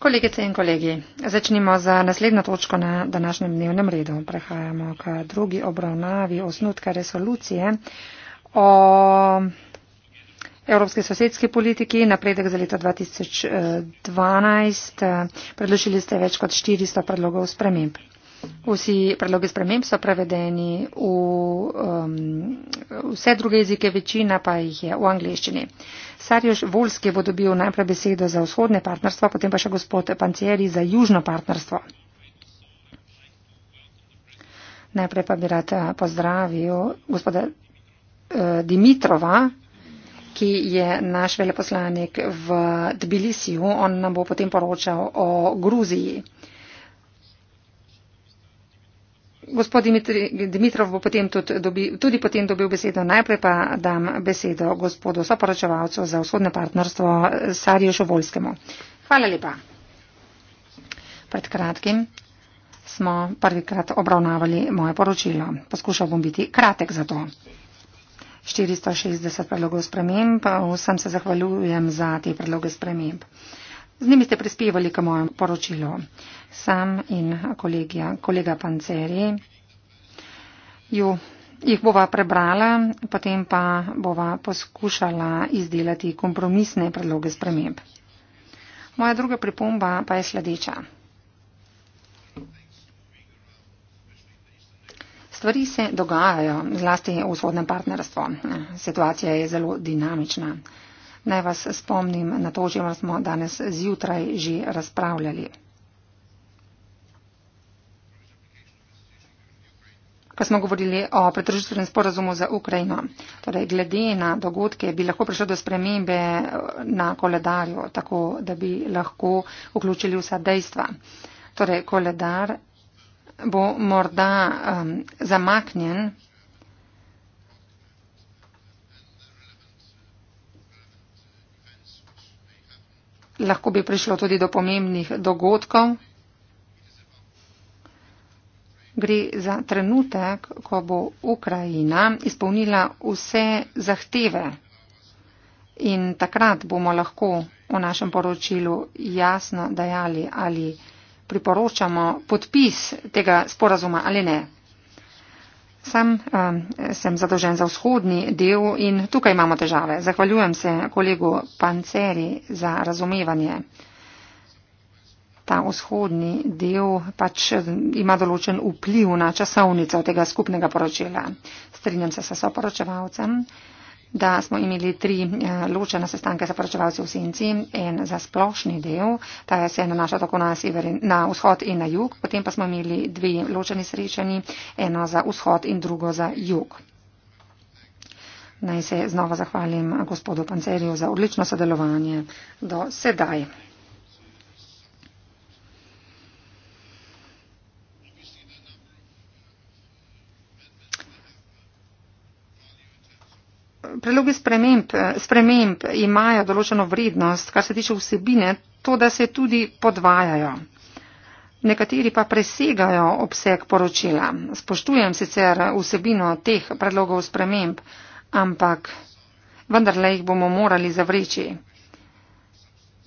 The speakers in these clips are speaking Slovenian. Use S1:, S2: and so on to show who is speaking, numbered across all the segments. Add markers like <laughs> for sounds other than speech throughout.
S1: kolegice in kolegi začnimo z naslednjo točko na današnjem dnevnem redu prehajamo k drugi obravnavi osnutka resolucije o Evropske sosedske politike, napredek za leto 2012, eh, eh, predložili ste več kot 400 predlogov sprememb. Vsi predlogi sprememb so prevedeni v um, vse druge jezike, večina pa jih je v angliščini. Sarjoš Volski bo dobil najprej besedo za vzhodne partnerstvo, potem pa še gospod Pancieri za južno partnerstvo. Najprej pa bi rad eh, pozdravil gospoda uh, Dimitrova, ki je naš veleposlanik v Tbilisiju. On nam bo potem poročal o Gruziji. gospod Dimitrov bo potem tudi, dobi, tudi potem dobil besedo. Najprej pa dam besedo gospodu soporočevalcu za vzhodne partnerstvo Sarju Šovolskemu. Hvala lepa. Pred kratkim smo prvikrat obravnavali moje poročilo. Poskušal bom biti kratek za to. 460 predlogov sprememb. Vsem se zahvaljujem za te predloge sprememb. Z njimi ste prispevali k mojemu poročilu. Sam in kolegija, kolega Panceri. Ju, jih bova prebrala, potem pa bova poskušala izdelati kompromisne predloge sprememb. Moja druga pripomba pa je sledeča. Stvari se dogajajo, zlasti v vzhodnem partnerstvu. Situacija je zelo dinamična. Naj vas spomnim na to, že smo danes zjutraj že razpravljali. Ko smo govorili o pretržitvenem sporazumu za Ukrajino, torej glede na dogodke bi lahko prišlo do spremembe na koledarju, tako da bi lahko vključili vsa dejstva. Torej, koledar bo morda um, zamaknjen lahko bi prišlo tudi do pomembnih dogodkov. Gre za trenutek, ko bo Ukrajina izpolnila vse zahteve in takrat bomo lahko v našem poročilu jasno dajali ali priporočamo podpis tega sporazuma ali ne. Sam um, sem zadolžen za vzhodni del in tukaj imamo težave. Zahvaljujem se kolegu Panceri za razumevanje. Ta vzhodni del pač eh, ima določen vpliv na časovnico tega skupnega poročila. Strinjam se s soporočevalcem da smo imeli tri eh, ločene sestanke za poročevalce v Senci in za splošni del, ta se je nanašal tako na, sever, na vzhod in na jug, potem pa smo imeli dve ločeni srečanji, eno za vzhod in drugo za jug. Naj se znova zahvalim gospodu Pancerju za odlično sodelovanje do sedaj. predlogi sprememb, eh, sprememb imajo določeno vrednost, kar se tiče vsebine, to, da se tudi podvajajo. Nekateri pa presegajo obseg poročila. Spoštujem sicer vsebino teh predlogov sprememb, ampak vendarle jih bomo morali zavreči.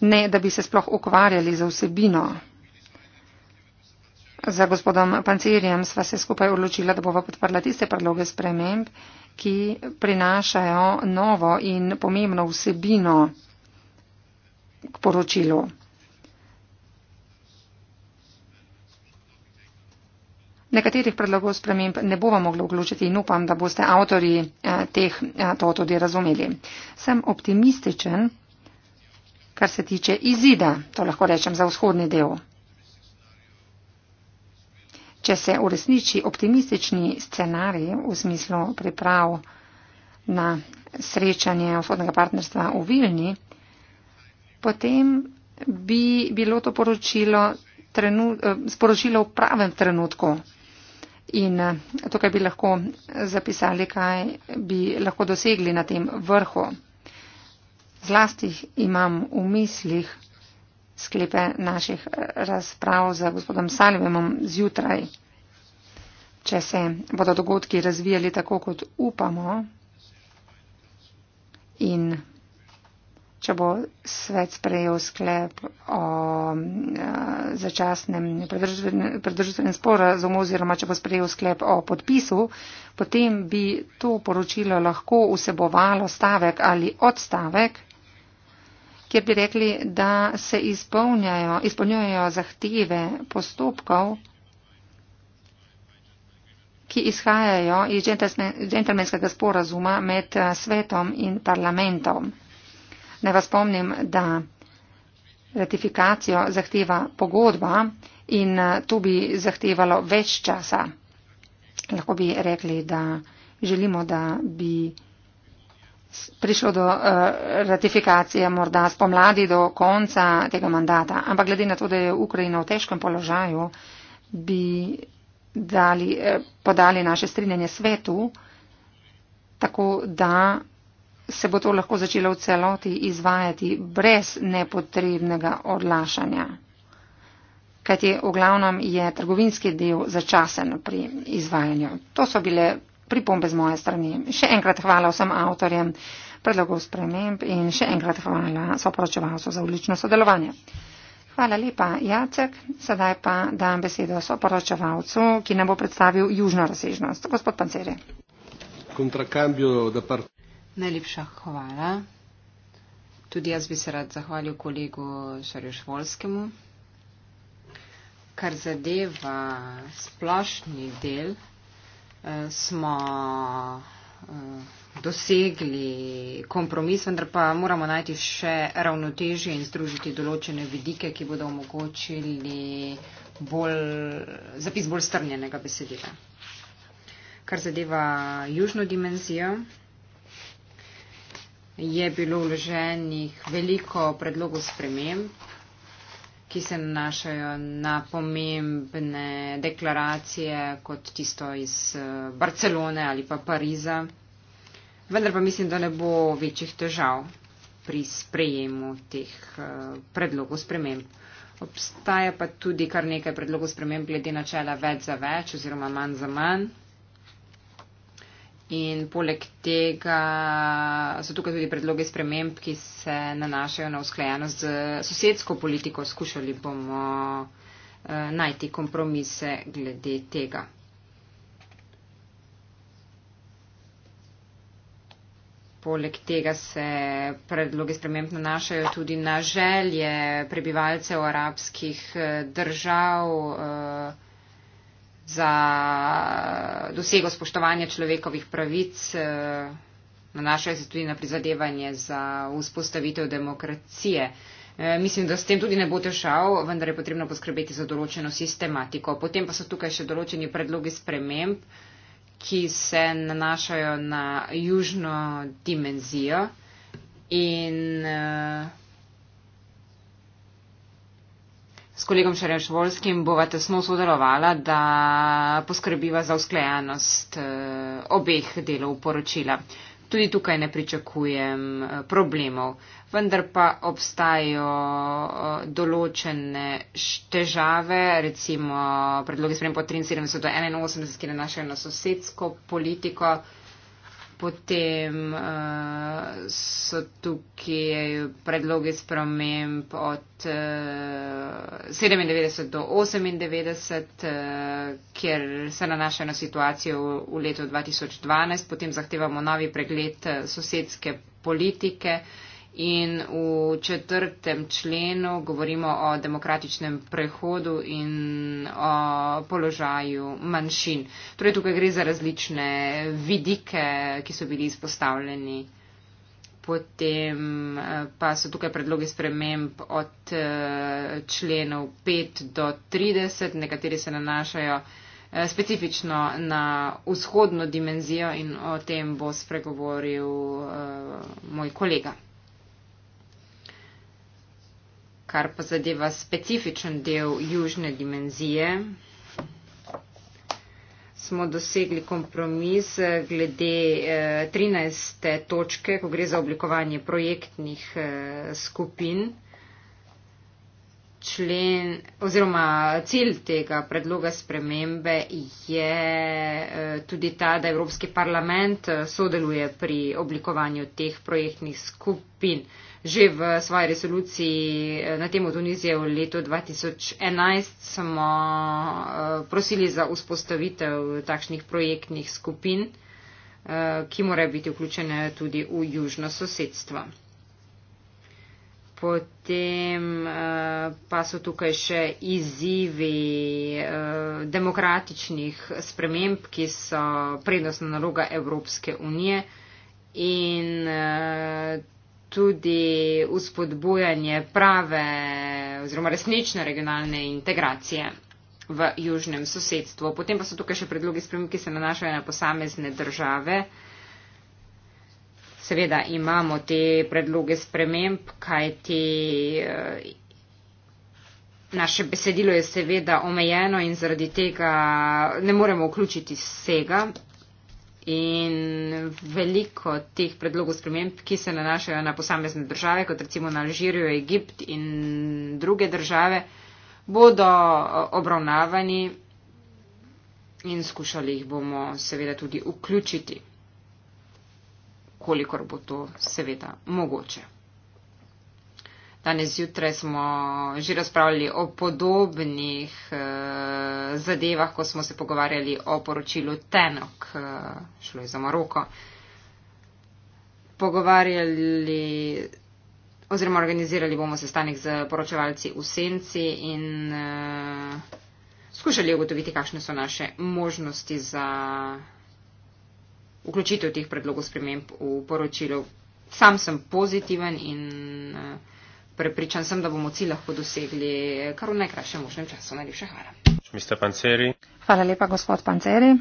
S1: Ne, da bi se sploh ukvarjali za vsebino. Za gospodom Pancerjem sva se skupaj odločila, da bova podprla tiste predloge sprememb ki prinašajo novo in pomembno vsebino k poročilu. Nekaterih predlogov sprememb ne bomo mogli vključiti in upam, da boste avtori eh, teh eh, to tudi razumeli. Sem optimističen, kar se tiče izida, to lahko rečem za vzhodni del. Če se uresniči optimistični scenarij v smislu priprav na srečanje vzhodnega partnerstva v Vilni, potem bi bilo to poročilo trenu, eh, sporočilo v pravem trenutku. In eh, tukaj bi lahko zapisali, kaj bi lahko dosegli na tem vrhu. Zlasti imam v mislih sklepe naših eh, razprav z gospodom Salivemom zjutraj. Če se bodo dogodki razvijali tako, kot upamo in če bo svet sprejel sklep o eh, začasnem predržitvenem sporazumu oziroma če bo sprejel sklep o podpisu, potem bi to poročilo lahko vsebovalo stavek ali odstavek, kjer bi rekli, da se izpolnjujejo zahteve postopkov, ki izhajajo iz džentlmenskega sporazuma med eh, svetom in parlamentom. Naj vas spomnim, da ratifikacijo zahteva pogodba in eh, to bi zahtevalo več časa. Lahko bi rekli, da želimo, da bi prišlo do uh, ratifikacije morda spomladi do konca tega mandata. Ampak glede na to, da je Ukrajina v težkem položaju, bi dali, eh, podali naše strinjanje svetu, tako da se bo to lahko začelo v celoti izvajati brez nepotrebnega odlašanja. Kajti v glavnem je trgovinski del začasen pri izvajanju. To so bile pripombe z moje strani. Še enkrat hvala vsem avtorjem predlogov sprememb in še enkrat hvala soporočevalcu za ulično sodelovanje. Hvala lepa, Jacek. Sedaj pa dam besedo soporočevalcu, ki nam bo predstavil južno razsežnost. Gospod Panceri.
S2: Najlepša hvala. Tudi jaz bi se rad zahvalil kolegu Šarjošvolskemu. Kar zadeva splošni del smo eh, dosegli kompromis, vendar pa moramo najti še ravnotežje in združiti določene vidike, ki bodo omogočili bolj, zapis bolj strnjenega besedila. Kar zadeva južno dimenzijo, je bilo vloženih veliko predlogov sprememb, ki se nanašajo na pomembne deklaracije, kot tisto iz eh, Barcelone ali pa Pariza. Vendar pa mislim, da ne bo večjih težav pri sprejemu teh eh, predlogov sprememb. Obstaja pa tudi kar nekaj predlogov sprememb glede načela več za več oziroma manj za manj. In poleg tega so tukaj tudi predloge sprememb, ki se nanašajo na usklajenost z sosedsko politiko. Skušali bomo eh, najti kompromise glede tega. Poleg tega se predloge sprememb nanašajo tudi na želje prebivalcev arabskih eh, držav. Uh, za dosego spoštovanja človekovih pravic, eh, nanašajo se tudi na prizadevanje za vzpostavitev demokracije. Eh, mislim, da s tem tudi ne bo težav, vendar je potrebno poskrbeti za določeno sistematiko. Potem pa so tukaj še določeni predlogi sprememb, ki se nanašajo na južno dimenzijo in uh, S kolegom Šerešvolskim bova tesno sodelovala, da poskrbiva za usklajenost eh, obeh delov poročila. Tudi tukaj ne pričakujem eh, problemov, vendar pa obstajajo eh, določene težave, recimo predloge sprem po 73 do 81, ki nanašajo na sosedsko politiko. Potem uh, so tukaj predlogi sprememb od uh, eh, 97 do 98, uh, eh, kjer se nanašajo na situacijo v, v letu 2012. Potem zahtevamo novi pregled sosedske politike. Uh, In v četrtem členu govorimo o demokratičnem prehodu in o položaju manjšin. Torej tukaj gre za različne vidike, ki so bili izpostavljeni. Potem eh, pa so tukaj predlogi sprememb od eh, členov 5 do 30, nekateri se nanašajo eh, specifično na vzhodno dimenzijo in o tem bo spregovoril moj kolega kar pa zadeva specifičen del južne dimenzije, smo dosegli kompromis glede 13. Eh, točke, ko gre za oblikovanje projektnih eh, skupin. Člen, oziroma cilj tega predloga spremembe je eh, tudi ta, da Evropski parlament sodeluje pri oblikovanju teh projektnih skupin. Že v svoji resoluciji eh, na temo Tunizije v letu 2011 smo eh, prosili za vzpostavitev takšnih projektnih skupin, eh, ki morajo biti vključene tudi v južno sosedstvo. Potem pa so tukaj še izzivi demokratičnih sprememb, ki so prednostna naloga Evropske unije in tudi uspodbujanje prave oziroma resnične regionalne integracije v južnem sosedstvu. Potem pa so tukaj še predlogi sprememb, ki se nanašajo na posamezne države. Seveda imamo te predloge sprememb, kajti eh, naše besedilo je seveda omejeno in zaradi tega ne moremo vključiti vsega in veliko teh predlogov sprememb, ki se nanašajo na posamezne države, kot recimo na Alžirijo, Egipt in druge države, bodo obravnavani in skušali jih bomo seveda tudi vključiti, kolikor bo to seveda mogoče. Danes zjutraj smo že razpravljali o podobnih e, zadevah, ko smo se pogovarjali o poročilu Tenok, e, šlo je za Maroko. Pogovarjali oziroma organizirali bomo sestanek z poročevalci v senci in e, skušali ugotoviti, kakšne so naše možnosti za vključitev teh predlogov sprememb v poročilo. Sam sem pozitiven in e, Prepričan sem, da bomo cilj lahko dosegli kar v najkrajšem možnem času. Najlepša hvala.
S1: Hvala lepa, gospod Panceri.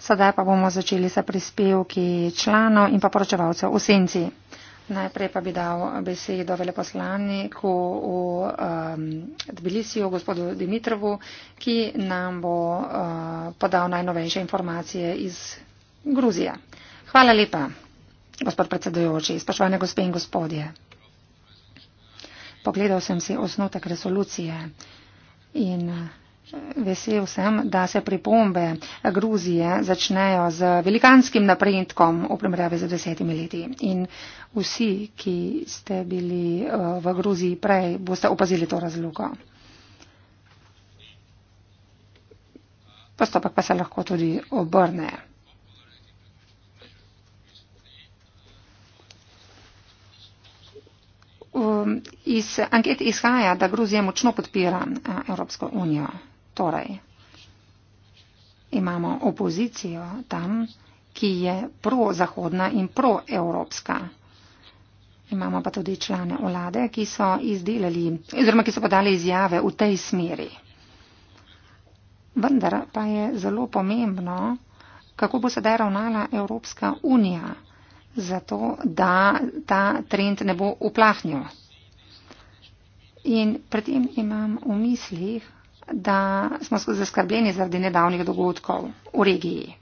S1: Sedaj pa bomo začeli sa prispevki članov in pa poročevalcev v senci. Najprej pa bi dal besedo veleposlaniku v um, Tbilisiju, gospodu Dimitrovu, ki nam bo uh, podal najnovejše informacije iz Gruzije. Hvala lepa, gospod predsedujoči, spoštovane gospe in gospodje. Pogledal sem si osnotek resolucije in eh, vesel sem, da se pripombe Gruzije začnejo z velikanskim napredkom v primerjavi z desetimi leti. In vsi, ki ste bili eh, v Gruziji prej, boste opazili to razlogo. Postopek pa se lahko tudi obrne. Um, iz anket izhaja, da Gruzija močno podpira uh, Evropsko unijo. Torej, imamo opozicijo tam, ki je prozahodna in proevropska. Imamo pa tudi člane vlade, ki so izdelali, oziroma ki so podali izjave v tej smeri. Vendar pa je zelo pomembno, kako bo sedaj ravnala Evropska unija zato da ta trend ne bo uplahnil. In pri tem imam v mislih, da smo zaskrbljeni zaradi nedavnih dogodkov v regiji.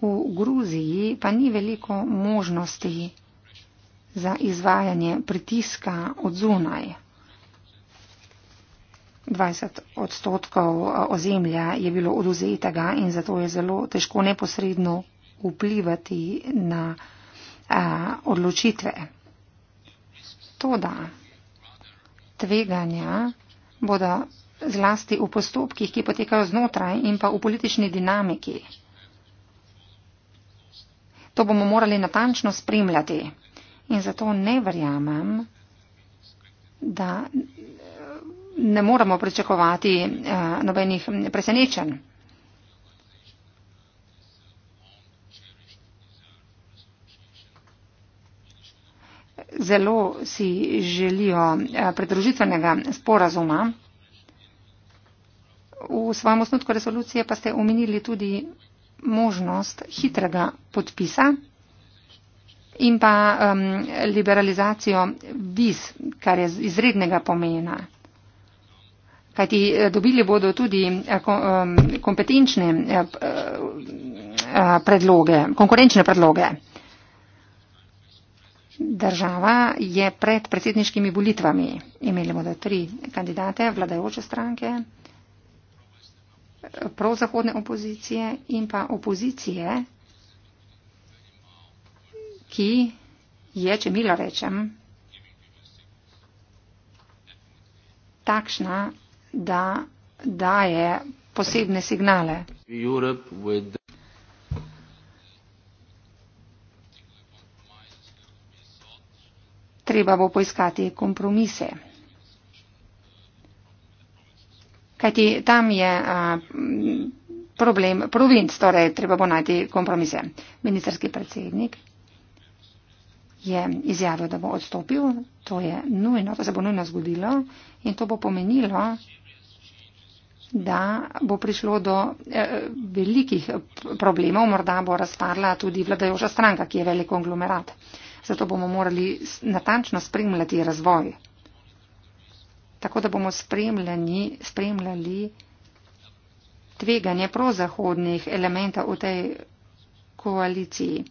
S1: V Gruziji pa ni veliko možnosti za izvajanje pritiska od zunaj. 20 odstotkov eh, ozemlja je bilo oduzetega in zato je zelo težko neposredno vplivati na a, odločitve. Toda tveganja bodo zlasti v postopkih, ki potekajo znotraj in pa v politični dinamiki. To bomo morali natančno spremljati in zato ne verjamem, da ne moremo pričakovati nobenih presenečenj. zelo si želijo eh, pridružitvenega sporazuma. V svojem osnutku resolucije pa ste omenili tudi možnost hitrega podpisa in pa um, liberalizacijo viz, kar je izrednega pomena. Kajti eh, dobili bodo tudi eh, kompetenčne predloge, konkurenčne predloge. Država je pred predsedniškimi volitvami. Imeli bomo tri kandidate, vladajoče stranke, prozahodne opozicije in pa opozicije, ki je, če milo rečem, takšna, da daje posebne signale. treba bo poiskati kompromise. Kajti tam je a, problem provinc, torej treba bo najti kompromise. Ministerski predsednik je izjavil, da bo odstopil, to je nujno, to se bo nujno zgodilo in to bo pomenilo, da bo prišlo do eh, velikih problemov, morda bo razparla tudi vladajoča stranka, ki je velik konglomerat. Eh, zato bomo morali natančno spremljati razvoj. Tako da bomo spremljali, spremljali tveganje prozahodnih elementov v tej koaliciji.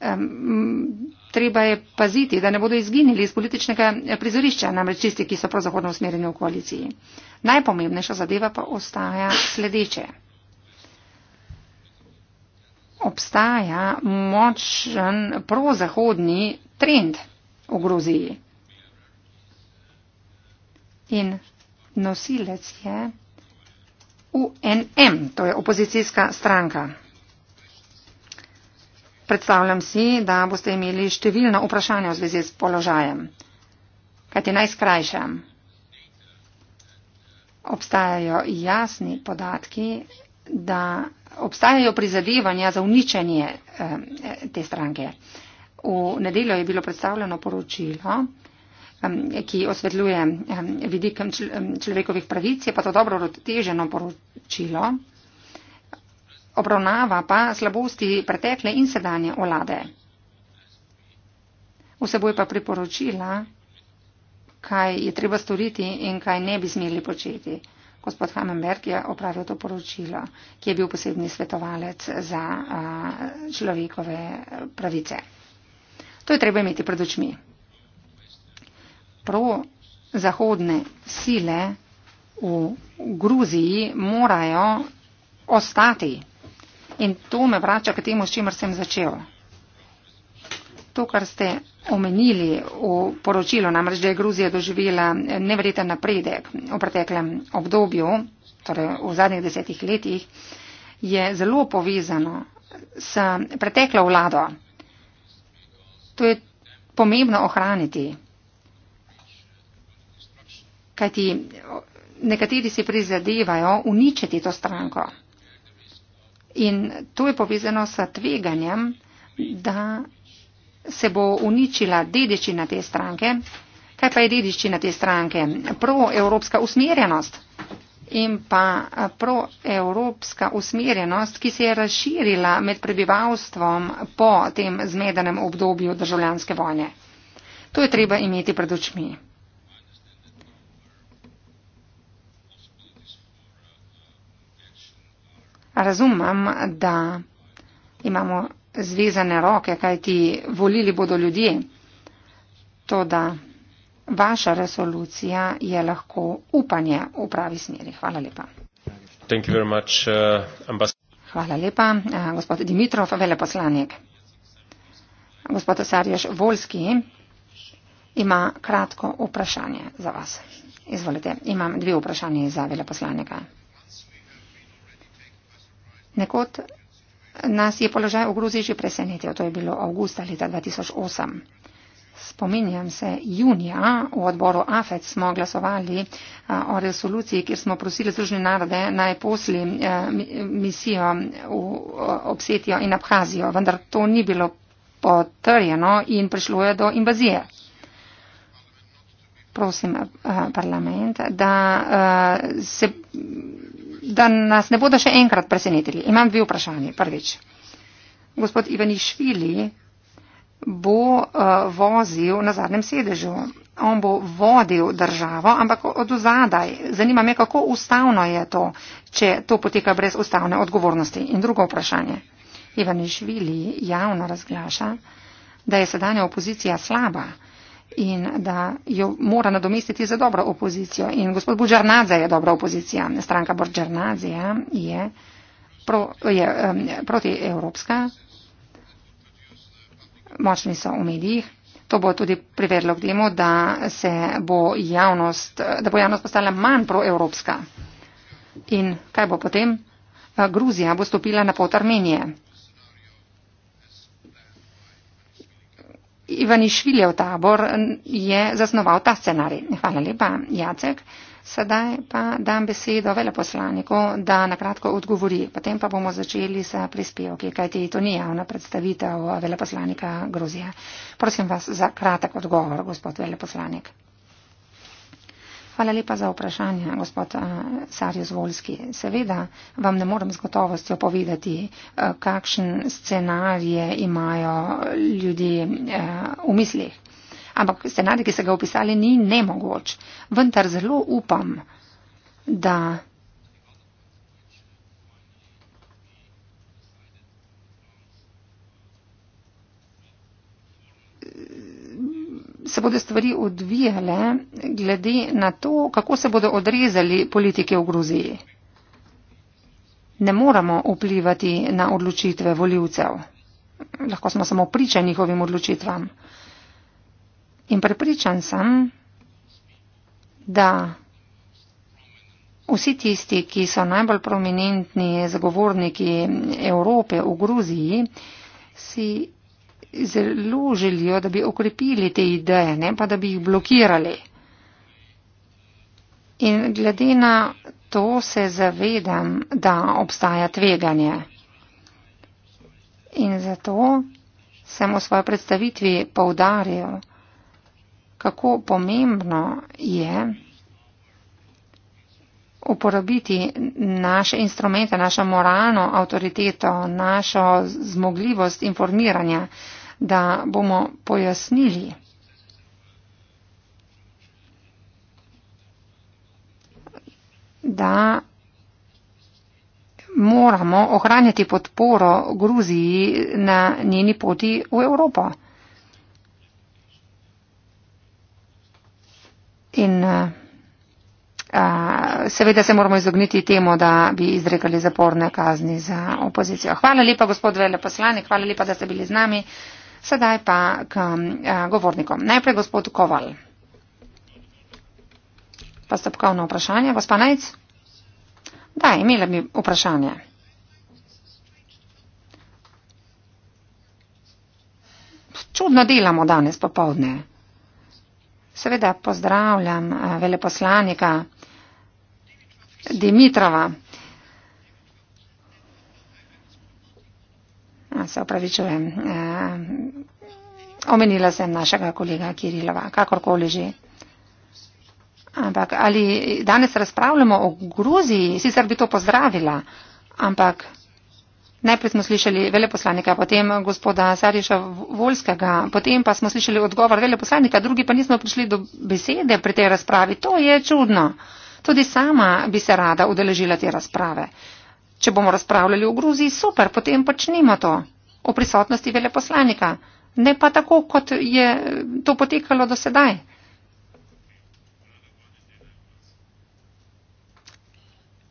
S1: Um, treba je paziti, da ne bodo izginili iz političnega eh, prizorišča, namreč tisti, ki so prozahodno usmerjeni v koaliciji. Najpomembnejša zadeva pa ostaja sledeče obstaja močen prozahodni trend v Gruziji. In nosilec je UNM, to je opozicijska stranka. Predstavljam si, da boste imeli številna vprašanja v zvezi s položajem. Kaj ti najskrajšam? Obstajajo jasni podatki da obstajajo prizadevanja za uničenje eh, te stranke. V nedeljo je bilo predstavljeno poročilo, ki osvetljuje vidik človekovih pravic, je pa to dobro roteženo poročilo, obravnava pa slabosti pretekle in sedanje olade. Vseboj pa priporočila, kaj je treba storiti in kaj ne bi smeli početi gospod Hamenberg je opravil to poročilo, ki je bil posebni svetovalec za a, človekove pravice. To je treba imeti pred očmi. Pro-zahodne sile v Gruziji morajo ostati. In to me vrača k temu, s čimer sem začel to, kar ste omenili v poročilu, namreč, da je Gruzija doživela nevreten napredek v preteklem obdobju, torej v zadnjih desetih letih, je zelo povezano s preteklo vlado. To je pomembno ohraniti. Kajti nekateri si prizadevajo uničiti to stranko. In to je povezano s tveganjem, da se bo uničila dediščina te stranke. Kaj pa je dediščina te stranke? Proevropska usmerjenost in pa eh, proevropska usmerjenost, ki se je razširila med prebivalstvom po tem zmedenem obdobju državljanske vojne. To je treba imeti pred očmi. Razumem, da imamo zvezane roke, kaj ti volili bodo ljudje. Toda vaša resolucija je lahko upanje v pravi smeri. Hvala lepa.
S3: Much, uh,
S1: Hvala lepa, uh, gospod Dimitrov, veleposlanik. Gospod Sarjaš Volski ima kratko vprašanje za vas. Izvolite, imam dve vprašanje za veleposlanika. Nekot nas je položaj v Gruziji že presenetil. To je bilo avgusta leta 2008. Spominjam se, junija v odboru AFED smo glasovali o resoluciji, kjer smo prosili Združene narode naj posli misijo v Obsetijo in Abhazijo, vendar to ni bilo potrjeno in prišlo je do invazije. Prosim parlament, da se da nas ne bodo še enkrat presenetili. Imam dve vprašanje. Prvič, gospod Ivanišvili bo uh, vozil na zadnjem sedežu. On bo vodil državo, ampak od ozadaj. Zanima me, kako ustavno je to, če to poteka brez ustavne odgovornosti. In drugo vprašanje. Ivanišvili javno razglaša, da je sedanja opozicija slaba in da jo mora nadomestiti za dobro opozicijo. In gospod Bužarnadze je dobra opozicija. Stranka Bužarnadze je, pro, je um, protievropska. Močni so v medijih. To bo tudi privedlo k temu, da, da bo javnost postala manj proevropska. In kaj bo potem? Gruzija bo stopila na pot Armenije. Ivanišviljev tabor je zasnoval ta scenarij. Hvala lepa, Jacek. Sedaj pa dam besedo veleposlaniku, da nakratko odgovori. Potem pa bomo začeli sa prispevki, kajti to ni javna predstavitev veleposlanika Gruzije. Prosim vas za kratek odgovor, gospod veleposlanik. Hvala lepa za vprašanje, gospod eh, Sarjus Volski. Seveda vam ne morem z gotovostjo povedati, eh, kakšen scenarije imajo ljudje eh, v mislih. Ampak scenarij, ki ste ga opisali, ni nemogoč. Vendar zelo upam, da se bodo stvari odvijale glede na to, kako se bodo odrezali politike v Gruziji. Ne moramo vplivati na odločitve voljivcev. Lahko smo samo priča njihovim odločitvam. In prepričan sem, da vsi tisti, ki so najbolj prominentni zagovorniki Evrope v Gruziji, si zelo želijo, da bi okrepili te ideje, ne pa da bi jih blokirali. In glede na to se zavedam, da obstaja tveganje. In zato sem v svoji predstavitvi poudaril, kako pomembno je uporabiti naše instrumente, našo moralno avtoriteto, našo zmogljivost informiranja, da bomo pojasnili. da moramo ohranjati podporo Gruziji na njeni poti v Evropo. In a, eh, eh, seveda se moramo izogniti temu, da bi izrekali zaporne kazni za opozicijo. Hvala lepa, gospod veleposlanik, hvala lepa, da ste bili z nami. Sedaj pa k eh, govornikom. Najprej gospod Koval. Postopkovno vprašanje. Gospa Najc? Da, imela bi vprašanje. Čudno delamo danes popovdne. Seveda pozdravljam eh, veleposlanika Dimitrova. se opravičujem, eh, omenila sem našega kolega Kirilova, kakorkoli že. Ampak ali danes razpravljamo o Gruziji, sicer bi to pozdravila, ampak najprej smo slišali veleposlanika, potem gospoda Sariša Volskega, potem pa smo slišali odgovor veleposlanika, drugi pa nismo prišli do besede pri tej razpravi. To je čudno. Tudi sama bi se rada udeležila te razprave. Če bomo razpravljali v Gruziji, super, potem pač nima to o prisotnosti veleposlanika. Ne pa tako, kot je to potekalo do sedaj.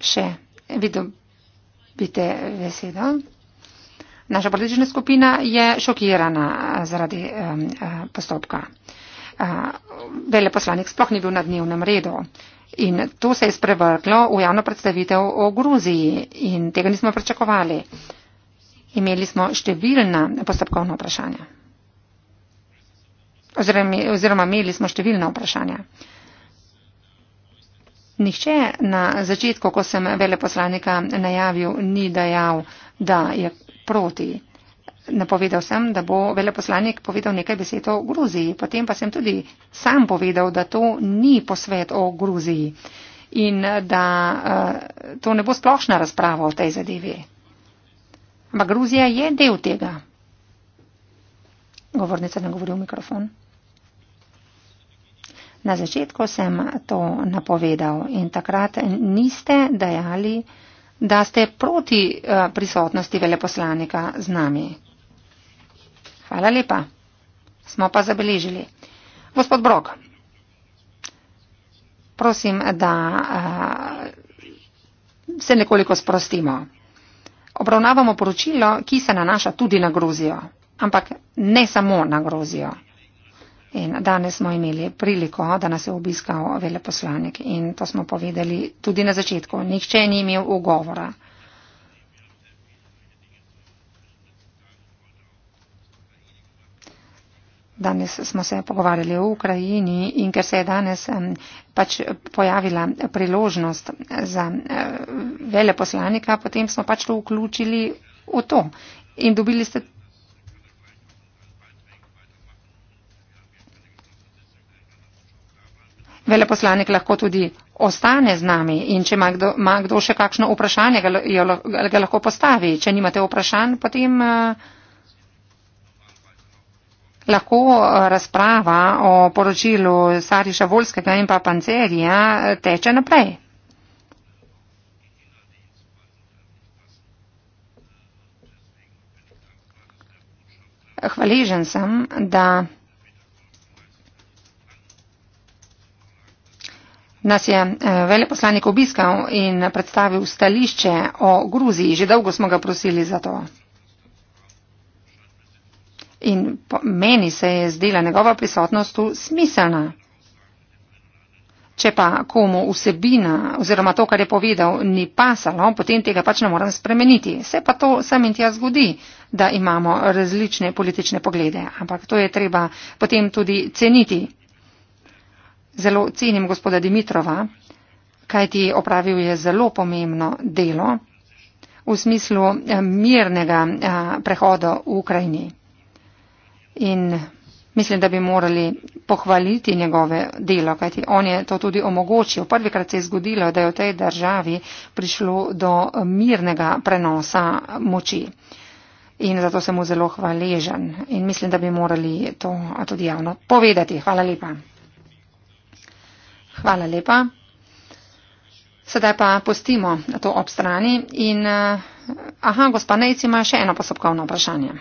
S1: Še vidim, bite veselo. Naša politična skupina je šokirana eh, zaradi um, postopka. Uh, veleposlanik sploh ni bil na dnevnem redu. Uh, In tu se je sprevrklo v javno predstavitev o Gruziji in tega nismo pričakovali. Imeli smo številna postopkovna vprašanja. Oziroma, oziroma imeli smo številna vprašanja. Nihče na začetku, ko sem veleposlanika najavil, ni dejal, da je proti napovedal sem, da bo veleposlanik povedal nekaj besed o Gruziji. Potem pa sem tudi sam povedal, da to ni posvet o Gruziji in da uh, to ne bo splošna razprava o tej zadevi. Ampak Gruzija je del tega. Govornica ne govori v mikrofon. Na začetku sem to napovedal in takrat niste dejali, da ste proti eh, prisotnosti veleposlanika z nami. Hvala lepa. Smo pa zabeležili. Gospod Brok, prosim, da uh, se nekoliko sprostimo. Obravnavamo poročilo, ki se nanaša tudi na Gruzijo, ampak ne samo na Gruzijo. In danes smo imeli priliko, da nas je obiskal veleposlanik in to smo povedali tudi na začetku. Nihče ni imel ugovora. Danes smo se pogovarjali o Ukrajini in ker se je danes pač pojavila priložnost za veleposlanika, potem smo pač to vključili v to. In dobili ste. Veleposlanik lahko tudi ostane z nami in če ima kdo, ima kdo še kakšno vprašanje, ga, ga lahko postavi. Če nimate vprašanj, potem. Uh, lahko eh, razprava o poročilu Sariša Volskega in pa Pancerija eh, teče naprej. Hvaležen sem, da nas je eh, veleposlanik obiskal in predstavil stališče o Gruziji. Že dolgo smo ga prosili za to. In meni se je zdela njegova prisotnost tu smiselna. Če pa komu vsebina oziroma to, kar je povedal, ni pasalo, potem tega pač ne morem spremeniti. Se pa to sam in tja zgodi, da imamo različne politične poglede, ampak to je treba potem tudi ceniti. Zelo cenim gospoda Dimitrova, kajti opravil je zelo pomembno delo v smislu eh, mirnega eh, prehoda v Ukrajini in mislim, da bi morali pohvaliti njegove delo, kajti on je to tudi omogočil. Prvikrat se je zgodilo, da je v tej državi prišlo do mirnega prenosa moči. In zato sem mu zelo hvaležen in mislim, da bi morali to tudi javno povedati. Hvala lepa. Hvala lepa. Sedaj pa pustimo to ob strani in aha, gospa Nejc ima še eno posobkovno vprašanje.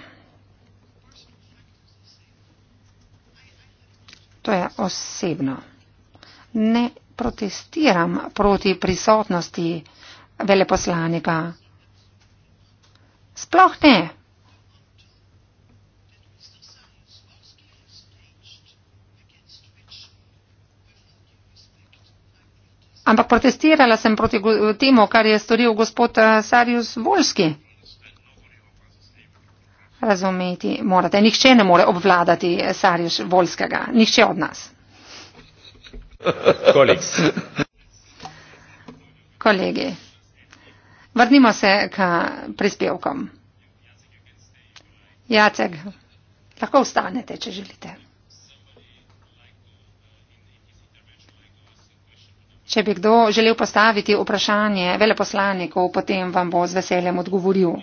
S1: To je osebno. Ne protestiram proti prisotnosti veleposlanika. Sploh ne. Ampak protestirala sem proti temu, kar je storil gospod eh, Sarius Volski razumeti morate. Nihče ne more obvladati Sarjež Volskega, nihče od nas.
S3: <laughs> Koliks.
S1: Kolegi, vrnimo se k prispevkom. Jacek, lahko ustanete, če želite. Če bi kdo želel postaviti vprašanje veleposlaniku, potem vam bo z veseljem odgovoril.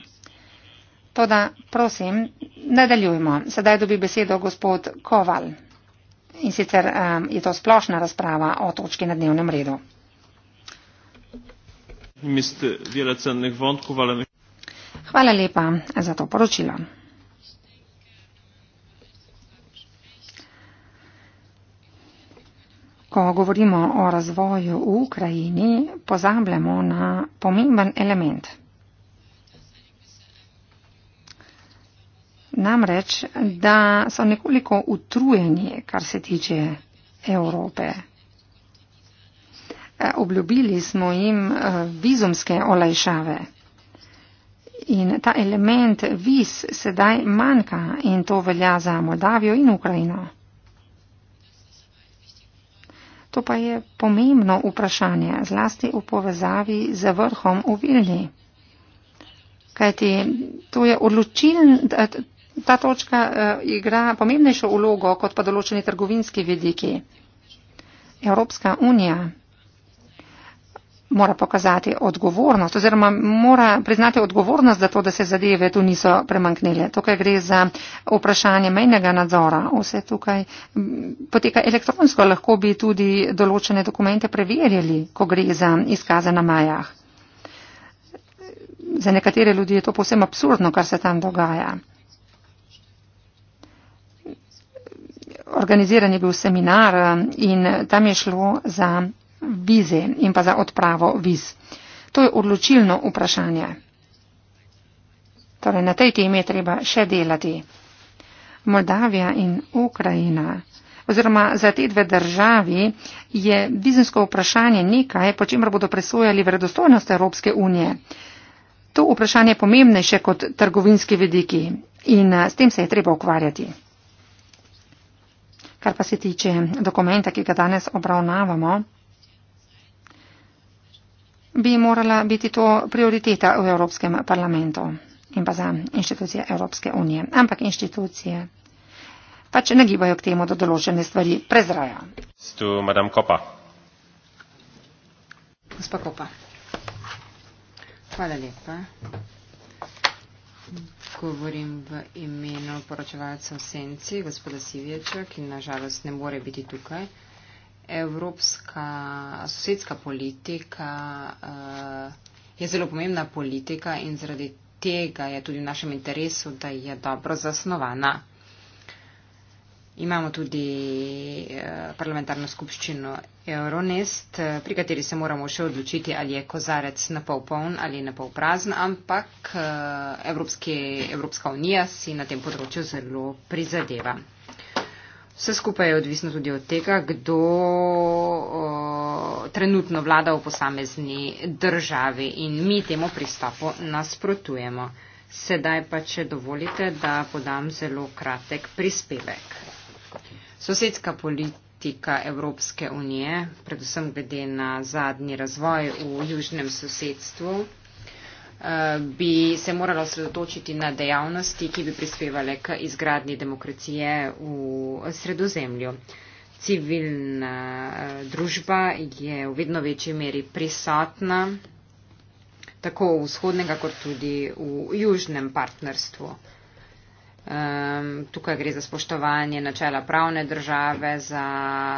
S1: Toda, prosim, nadaljujmo. Sedaj dobi besedo gospod Koval. In sicer um, je to splošna razprava o točki na dnevnem redu. Hvala lepa za to poročilo. Ko govorimo o razvoju v Ukrajini, pozabljamo na pomemben element namreč, da so nekoliko utrujeni, kar se tiče Evrope. E, obljubili smo jim e, vizumske olajšave in ta element viz sedaj manjka in to velja za Moldavijo in Ukrajino. To pa je pomembno vprašanje, zlasti v povezavi z vrhom v Vilni. Kajti to je odločilen, ta točka uh, igra pomembnejšo ulogo kot pa določeni trgovinski vidiki. Evropska unija mora pokazati odgovornost oziroma mora priznati odgovornost za to, da se zadeve tu niso premaknile. Tukaj gre za vprašanje mejnega nadzora. Vse tukaj poteka elektronsko, lahko bi tudi določene dokumente preverjali, ko gre za izkaze na majah. Za nekatere ljudi je to posebno absurdno, kar se tam dogaja. organiziran je bil seminar eh, in tam je šlo za vize in pa za odpravo viz. To je odločilno vprašanje. Torej, na tej temi je treba še delati. Moldavija in Ukrajina. Oziroma za te dve državi je vizinsko vprašanje nekaj, po čemer bodo presojali vredostojnost Evropske unije. To vprašanje je pomembnejše kot trgovinski vidiki in eh, s tem se je treba ukvarjati. Kar pa se tiče dokumenta, ki ga danes obravnavamo, bi morala biti to prioriteta v Evropskem parlamentu in pa za inštitucije Evropske unije. Ampak inštitucije pač ne gibajo k temu, da določene stvari prezrajo.
S3: Stu, madam Kopa.
S1: Gospa Kopa.
S2: Hvala lepa govorim v imenu poročevalca v senci, gospoda Sivječa, ki nažalost ne more biti tukaj. Evropska sosedska politika uh, je zelo pomembna politika in zaradi tega je tudi v našem interesu, da je dobro zasnovana. Imamo tudi eh, parlamentarno skupščino Euronest, eh, pri kateri se moramo še odločiti, ali je kozarec na pol poln ali na pol prazen, ampak eh, Evropski, Evropska unija si na tem področju zelo prizadeva. Vse skupaj je odvisno tudi od tega, kdo trenutno vlada v posamezni državi in mi temu pristopu nasprotujemo. Sedaj pa, če dovolite, da podam zelo kratek prispevek. Sosedska politika Evropske unije, predvsem glede na zadnji razvoj v južnem sosedstvu, eh, bi se morala osredotočiti na dejavnosti, ki bi prispevale k izgradni demokracije v sredozemlju. Civilna eh, družba je v vedno večji meri prisotna tako v vzhodnega kot tudi v južnem partnerstvu. Um, tukaj gre za spoštovanje načela pravne države, za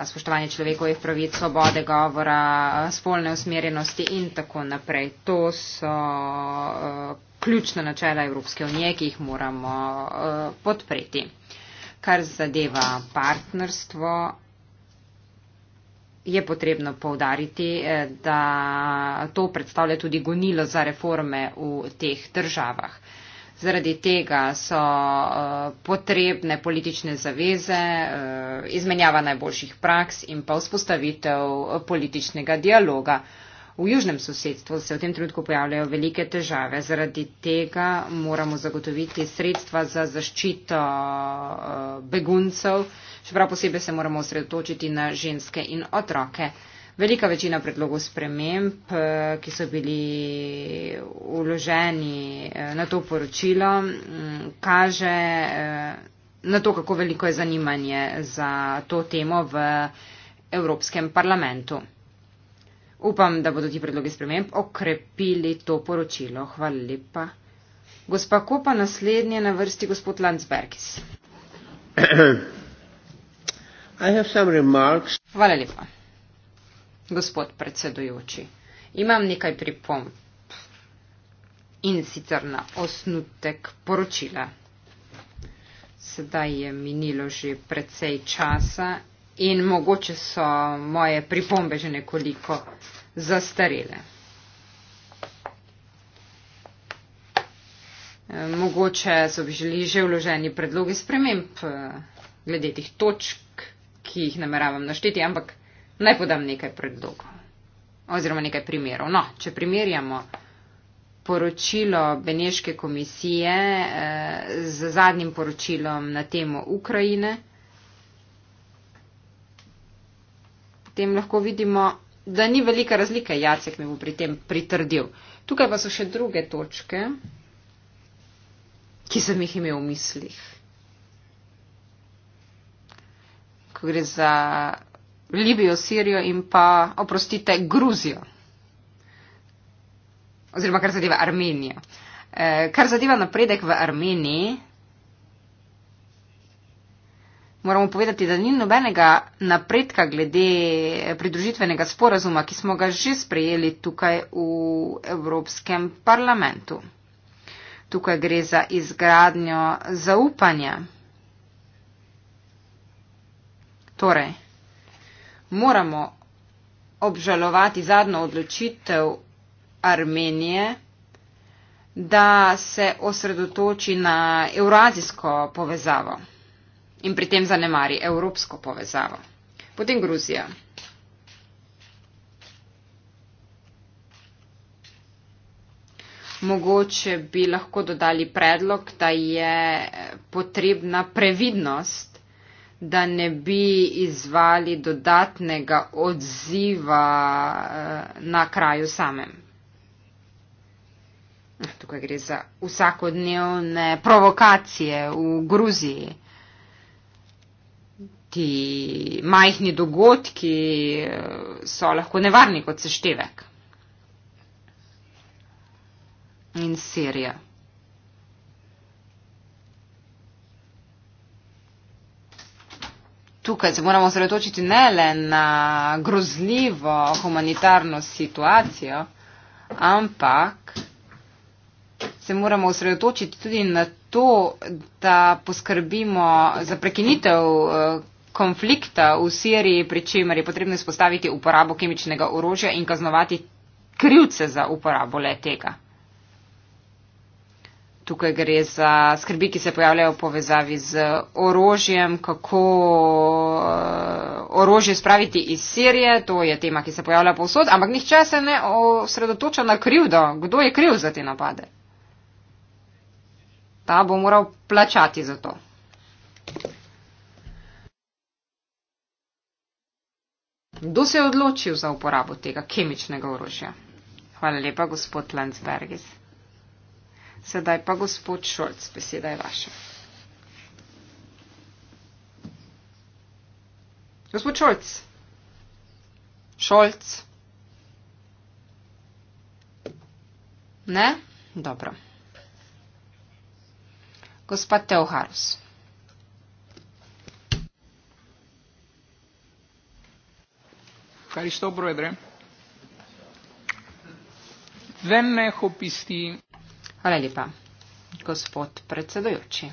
S2: spoštovanje človekovih pravic, svobode govora, spolne usmerjenosti in tako naprej. To so uh, ključna načela Evropske unije, ki jih moramo uh, podpreti. Kar zadeva partnerstvo, je potrebno povdariti, e, da to predstavlja tudi gonilo za reforme v teh državah. Uh, Zaradi tega so eh, potrebne politične zaveze, eh, izmenjava najboljših praks in pa vzpostavitev eh, političnega dialoga. V južnem sosedstvu se v tem trenutku pojavljajo velike težave. Zaradi tega moramo zagotoviti sredstva za zaščito beguncev, še prav posebej se moramo osredotočiti na ženske in otroke. Velika večina predlogov sprememb, eh, ki so bili uloženi eh, na to poročilo, mm, kaže eh, na to, kako veliko je zanimanje za to temo v Evropskem parlamentu. Upam, da bodo ti predlogi sprememb okrepili to poročilo. Hvala lepa. Gospa Kopa, naslednje na vrsti gospod Landsbergis.
S3: <coughs>
S2: Hvala lepa gospod predsedujoči, imam nekaj pripomb in sicer na osnutek poročila. Sedaj je minilo že precej časa in mogoče so moje pripombe že nekoliko zastarele. Mogoče so bili že vloženi predlogi sprememb eh, glede teh točk, ki jih nameravam našteti, ampak Naj podam nekaj predlogov. Oziroma nekaj primerov. No, če primerjamo poročilo Beneške komisije eh, z zadnjim poročilom na temo Ukrajine, potem lahko vidimo, da ni velika razlika. Jacek mi bo pri tem pritrdil. Tukaj pa so še druge točke, ki sem jih imel v mislih. Ko gre za Libijo, Sirijo in pa, oprostite, Gruzijo. Oziroma, kar zadeva Armenijo. Eh, kar zadeva napredek v Armeniji, moramo povedati, da ni nobenega napredka glede pridružitvenega sporazuma, ki smo ga že sprejeli tukaj v Evropskem parlamentu. Tukaj gre za izgradnjo zaupanja. Torej, moramo obžalovati zadnjo odločitev Armenije, da se osredotoči na evrazijsko povezavo in pri tem zanemari evropsko povezavo. Potem Gruzija. Mogoče bi lahko dodali predlog, da je potrebna previdnost da ne bi izvali dodatnega odziva eh, na kraju samem. Eh, tukaj gre za vsakodnevne provokacije v Gruziji. Ti majhni dogodki eh, so lahko nevarni kot seštevek. In Sirija. tukaj se moramo sredotočiti ne le na grozljivo humanitarno situacijo, ampak se moramo sredotočiti tudi na to, da poskrbimo za prekinitev eh, konflikta v Siriji, pri čemer je potrebno izpostaviti uporabo kemičnega orožja in kaznovati krivce za uporabo le tega tukaj gre za skrbi, ki se pojavljajo v povezavi z orožjem, kako eh, orožje spraviti iz Sirije, to je tema, ki se pojavlja povsod, ampak nihče se ne osredotoča na krivdo, kdo je kriv za te napade. Ta bo moral plačati za to. Kdo se je odločil za uporabo tega kemičnega orožja? Hvala lepa, gospod Landsbergis. Sedaj pa gospod Šolc, beseda je vaša. Gospod Šolc. Šolc. Ne? Dobro. Gospod Teoharus. Kaj je to, brojdre? Venne hopisti. Hvala lepa, gospod predsedojoči.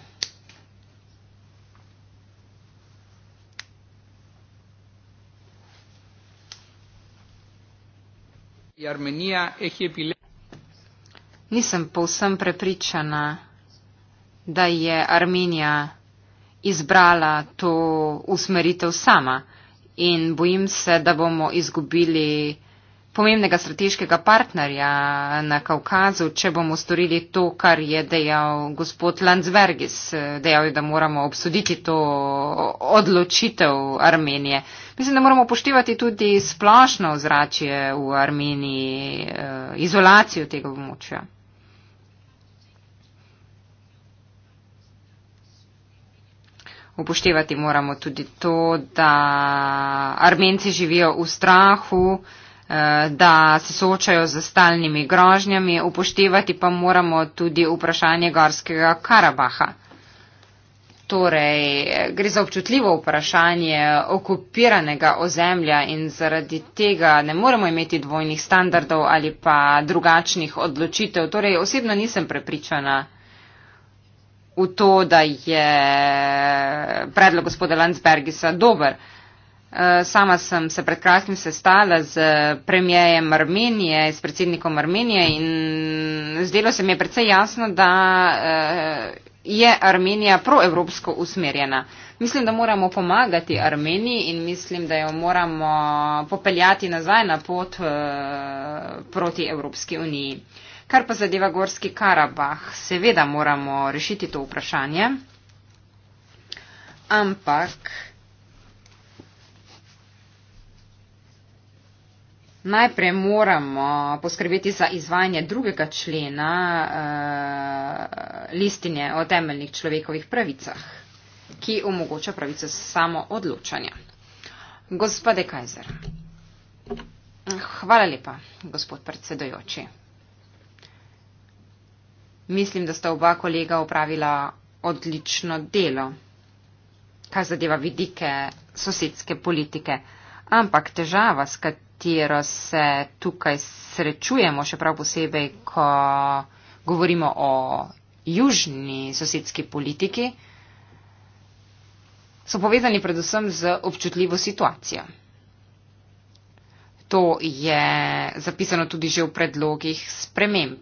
S2: Armenija, eh bile... Nisem povsem prepričana, da je Armenija izbrala to usmeritev sama in bojim se, da bomo izgubili pomembnega strateškega partnerja na Kaukazu, če bomo storili to, kar je dejal gospod Landsbergis. Dejal je, da moramo obsoditi to odločitev Armenije. Mislim, da moramo poštevati tudi splošno ozračje v Armeniji, eh, izolacijo tega območja. Upoštevati moramo tudi to, da Armenci živijo v strahu, uh, Eh, da se soočajo z stalnimi grožnjami, upoštevati pa moramo tudi vprašanje Gorskega Karabaha. Torej, gre za občutljivo vprašanje okupiranega ozemlja in zaradi tega ne moremo imeti dvojnih standardov ali pa drugačnih odločitev. Torej, osebno nisem prepričana v to, da je predlog gospoda Landsbergisa dober. Eh, sama sem se pred kratkim sestala z premijejem Armenije, s predsednikom Armenije in zdelo se mi je predvsej jasno, da eh, je Armenija proevropsko usmerjena. Mislim, da moramo pomagati Armeniji in mislim, da jo moramo popeljati nazaj na pot eh, proti Evropski uniji. Kar pa zadeva Gorski Karabah, seveda moramo rešiti to vprašanje. Ampak. Najprej moramo poskrbeti za izvajanje drugega člena uh, eh, listinje o temeljnih človekovih pravicah, ki omogoča pravico samo odločanja. Gospode Kajzer, hvala lepa, gospod predsedojoči. Mislim, da sta oba kolega opravila odlično delo, kar zadeva vidike sosedske politike, ampak težava, s katero katero se tukaj srečujemo, še prav posebej, ko govorimo o južni sosedski politiki, so povezani predvsem z občutljivo situacijo. To je zapisano tudi že v predlogih sprememb.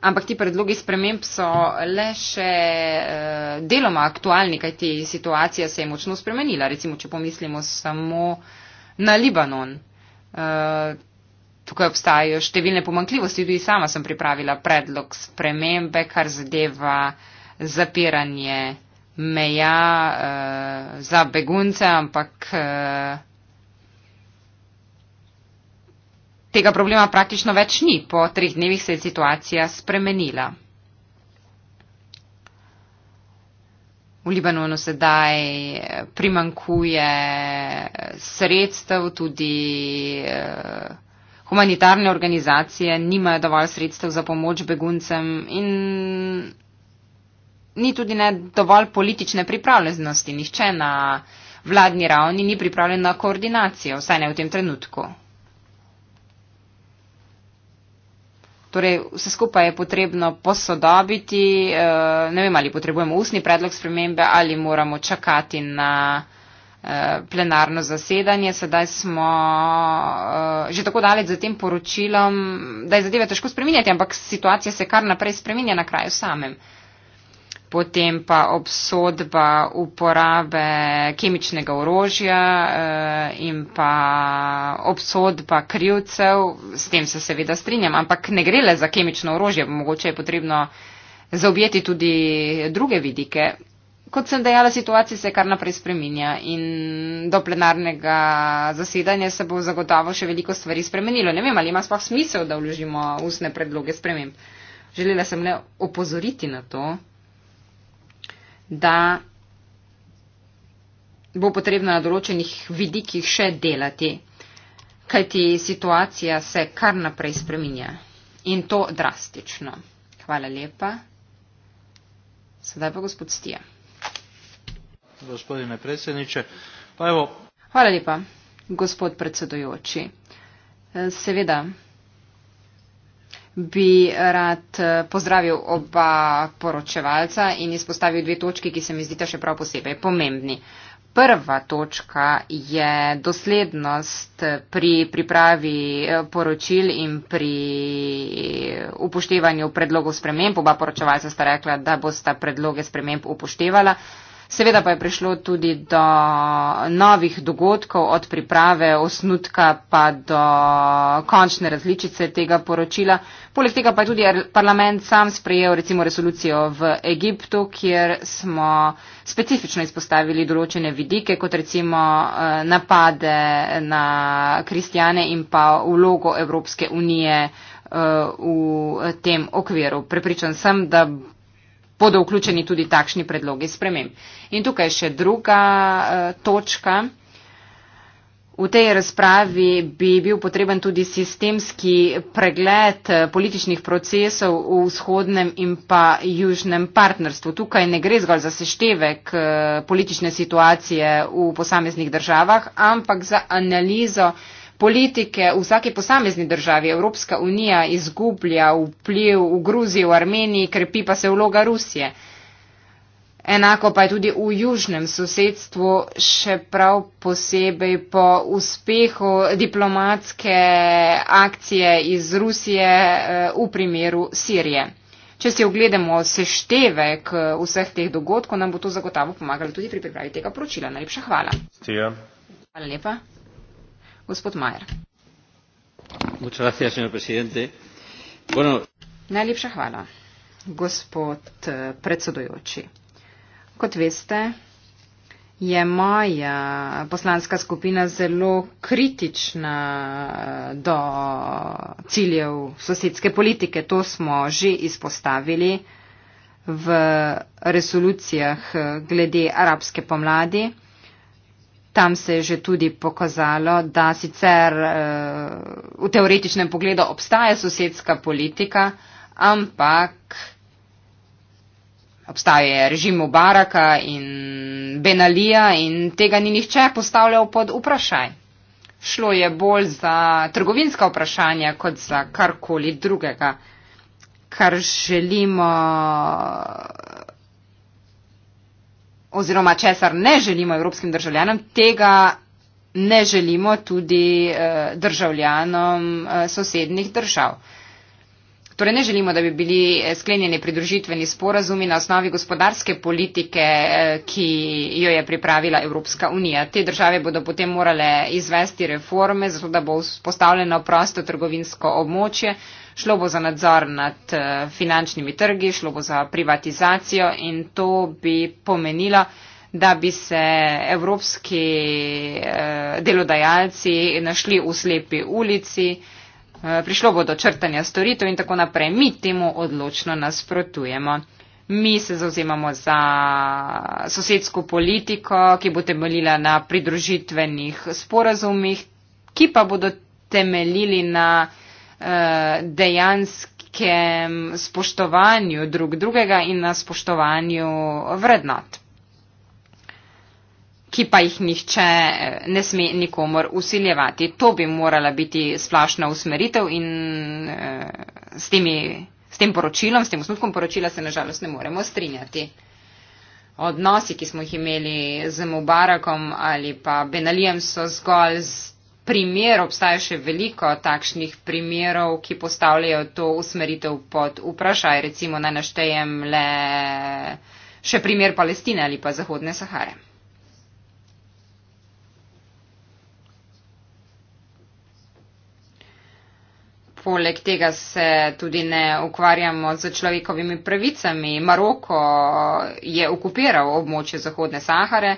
S2: Ampak ti predlogi sprememb so le še eh, deloma aktualni, kajti situacija se je močno spremenila. Recimo, če pomislimo samo na Libanon tukaj obstajajo številne pomankljivosti, tudi sama sem pripravila predlog spremembe, kar zadeva zapiranje meja uh, za begunce, ampak uh, tega problema praktično več ni. Po treh dnevih se je situacija spremenila. V Libanonu sedaj eh, primankuje eh, sredstev, tudi eh, humanitarne organizacije nimajo dovolj sredstev za pomoč beguncem in ni tudi ne dovolj politične pripravljenosti. Nihče na vladni ravni ni pripravljen na koordinacijo, vsaj ne v tem trenutku. Torej, vse skupaj je potrebno posodobiti. Eh, ne vem, ali potrebujemo ustni predlog spremembe ali moramo čakati na eh, plenarno zasedanje. Sedaj smo eh, že tako daleč za tem poročilom, da je zadeve težko spreminjati, ampak situacija se kar naprej spreminja na kraju samem potem pa obsodba uporabe kemičnega orožja eh, in pa obsodba krivcev, s tem se seveda strinjam, ampak ne gre le za kemično orožje, mogoče je potrebno zaobjeti tudi druge vidike. Kot sem dejala, situacija se kar naprej spreminja in do plenarnega zasedanja se bo zagotovo še veliko stvari spremenilo. Ne vem, ali ima sploh smisel, da vložimo usne predloge sprememb. Želela sem le opozoriti na to da bo potrebno na določenih vidikih še delati, kajti situacija se kar naprej spreminja in to drastično. Hvala lepa. Sedaj pa gospod Stija.
S3: Gospodine predsedniče,
S2: pa evo. Hvala lepa, gospod predsedujoči. Seveda, bi rad eh, pozdravil oba poročevalca in izpostavil dve točki, ki se mi zdita še prav posebej pomembni. Prva točka je doslednost pri pripravi eh, poročil in pri eh, upoštevanju predlogov sprememb. Oba poročevalca sta rekla, da bosta predloge sprememb upoštevala. Seveda pa je prišlo tudi do novih dogodkov, od priprave osnutka pa do končne različice tega poročila. Poleg tega pa je tudi parlament sam sprejel recimo resolucijo v Egiptu, kjer smo specifično izpostavili določene vidike, kot recimo eh, napade na kristjane in pa vlogo Evropske unije eh, v tem okviru. Prepričan sem, da bodo vključeni tudi takšni predlogi sprememb. In tukaj še druga eh, točka. V tej razpravi bi bil potreben tudi sistemski pregled eh, političnih procesov v vzhodnem in pa južnem partnerstvu. Tukaj ne gre zgolj za seštevek eh, politične situacije v posameznih državah, ampak za analizo politike v vsaki posamezni državi. Evropska unija izgublja vpliv v Gruziji, v Armeniji, krepi pa se vloga Rusije. Enako pa je tudi v južnem sosedstvu, še prav posebej po uspehu diplomatske akcije iz Rusije eh, v primeru Sirije. Če si ogledamo seštevek eh, vseh teh dogodkov, nam bo to zagotavo pomagalo tudi pri pripravi tega poročila. Najlepša hvala. Stija. Hvala lepa. Najlepša hvala, gospod eh, predsedujoči. Kot veste, je moja poslanska skupina zelo kritična eh, do ciljev sosedske politike. To smo že izpostavili v resolucijah eh, glede arabske pomladi tam se je že tudi pokazalo, da sicer eh, v teoretičnem pogledu obstaja sosedska politika, ampak obstaja režim Mubaraka in Benalija in tega ni nihče postavljal pod vprašaj. Šlo je bolj za trgovinska vprašanja, kot za karkoli drugega, kar želimo oziroma česar ne želimo evropskim državljanom, tega ne želimo tudi eh, državljanom eh, sosednih držav. Torej ne želimo, da bi bili eh, sklenjeni pridružitveni sporazumi na osnovi gospodarske politike, eh, ki jo je pripravila Evropska unija. Te države bodo potem morale izvesti reforme, zato da bo postavljeno prosto trgovinsko območje. Šlo bo za nadzor nad eh, finančnimi trgi, šlo bo za privatizacijo in to bi pomenilo, da bi se evropski delodajalci našli v slepi ulici. Eh, prišlo bo do črtanja storitev in tako naprej. Mi temu odločno nasprotujemo. Mi se zauzemamo za sosedsko politiko, ki bo temeljila na pridružitvenih sporazumih, ki pa bodo temeljili na eh, dejanskem spoštovanju drug drugega in na spoštovanju vrednot ki pa jih nihče eh, ne sme nikomor usiljevati. To bi morala biti splošna usmeritev in eh, s, temi, s tem poročilom, s tem osnutkom poročila se nažalost ne moremo strinjati. Odnosi, ki smo jih imeli z Mubarakom ali pa Benalijem, so zgolj primer, obstaja še veliko takšnih primerov, ki postavljajo to usmeritev pod vprašaj. Recimo naj naštejem le še primer Palestine ali pa Zahodne Sahare. poleg tega se tudi ne ukvarjamo z človekovimi pravicami. Maroko je okupiral območje Zahodne Sahare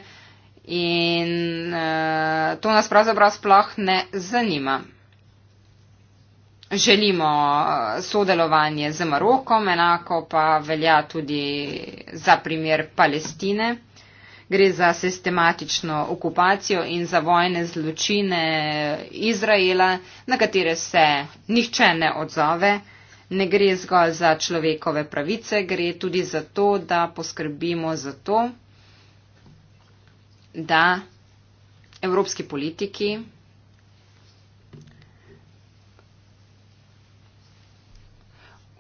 S2: in uh, to nas pravzaprav sploh ne zanima. Želimo eh, sodelovanje z Marokom, enako pa velja tudi za primer Palestine. Gre za sistematično okupacijo in za vojne zločine Izraela, na katere se nihče ne odzove. Ne gre zgolj za človekove pravice, gre tudi za to, da poskrbimo za to, da evropski politiki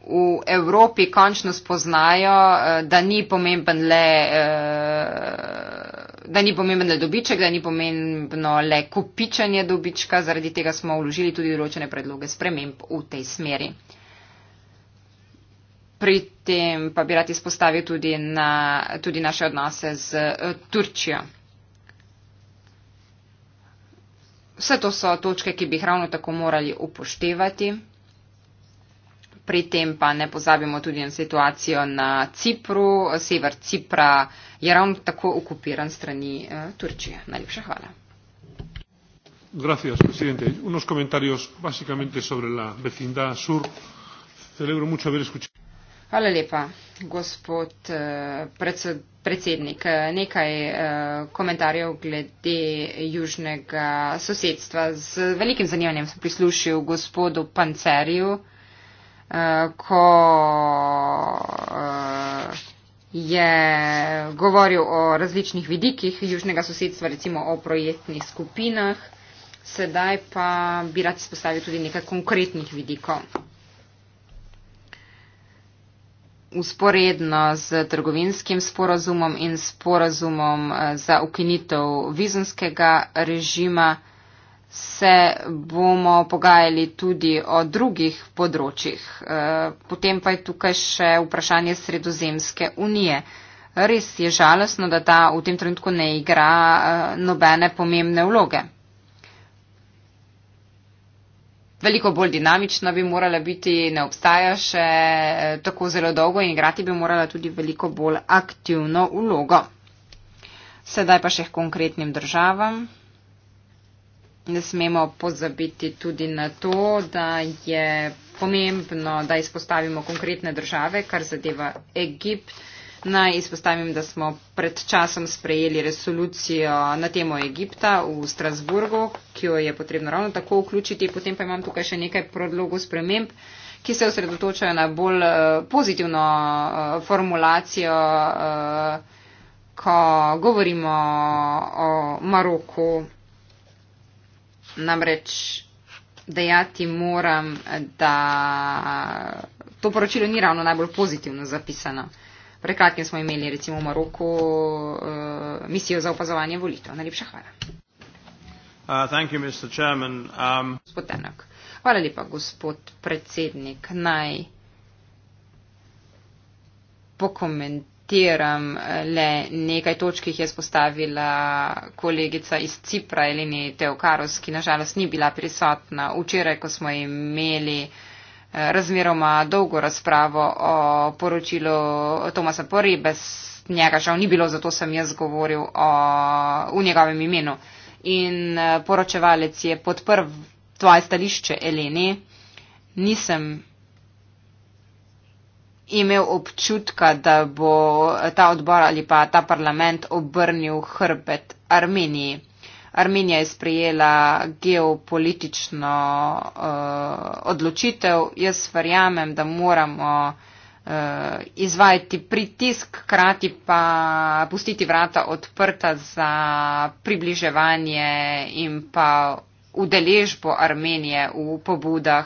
S2: v Evropi končno spoznajo, eh, da ni pomemben le. Eh, da ni pomemben le dobiček, da ni pomembno le kupičanje dobička, zaradi tega smo vložili tudi določene predloge sprememb v tej smeri. Pri tem pa bi rad izpostavil tudi, na, tudi naše odnose z eh, Turčijo. Vse to so točke, ki bi jih ravno tako morali upoštevati. Pri tem pa ne pozabimo tudi na situacijo na Cipru. Sever Cipra je ravno tako okupiran strani eh, Turčije. Najlepša hvala.
S3: Gracias, presidente. Unos comentarios básicamente sobre la vecindad sur. Celebro mucho haber escuchado.
S2: Hvala lepa, gospod eh, predsednik. Nekaj eh, komentarjev glede južnega sosedstva. Z velikim zanimanjem sem prislušil gospodu Panceriju. Eh, ko eh, je govoril o različnih vidikih južnega sosedstva, recimo o projektnih skupinah, sedaj pa bi rad izpostavil tudi nekaj konkretnih vidikov. Usporedno z trgovinskim sporazumom in sporazumom eh, za ukinitev vizonskega režima, se bomo pogajali tudi o drugih področjih. Eh, potem pa je tukaj še vprašanje Sredozemske unije. Res je žalostno, da ta v tem trenutku ne igra eh, nobene pomembne vloge. Veliko bolj dinamična bi morala biti, ne obstaja še eh, tako zelo dolgo in igrati bi morala tudi veliko bolj aktivno vlogo. Sedaj pa še k konkretnim državam ne smemo pozabiti tudi na to, da je pomembno, da izpostavimo konkretne države, kar zadeva Egipt. Naj izpostavim, da smo pred časom sprejeli resolucijo na temo Egipta v Strasburgu, ki jo je potrebno ravno tako vključiti. Potem pa imam tukaj še nekaj predlogov sprememb, ki se osredotočajo na bolj eh, pozitivno eh, formulacijo, eh, ko govorimo o Maroku namreč dejati moram, da to poročilo ni ravno najbolj pozitivno zapisano. Prekratkim smo imeli recimo v Maroku uh, misijo za opazovanje volitev. Najlepša hvala.
S3: Uh, you, um...
S2: Hvala lepa, gospod predsednik. Naj pokomentiram citiram eh, le nekaj točk, ki jih je spostavila kolegica iz Cipra, Elini Teokaros, ki nažalost ni bila prisotna včeraj, ko smo imeli eh, razmeroma dolgo razpravo o poročilu Tomasa Poribe, njega žal ni bilo, zato sem jaz govoril o, v njegovem imenu. In eh, poročevalec je podprl tvoje stališče, Eleni, nisem imel občutka, da bo ta odbor ali pa ta parlament obrnil hrbet Armeniji. Armenija je sprejela geopolitično uh, odločitev. Jaz verjamem, da moramo uh, izvajati pritisk, krati pa pustiti vrata odprta za približevanje in pa udeležbo Armenije v pobudah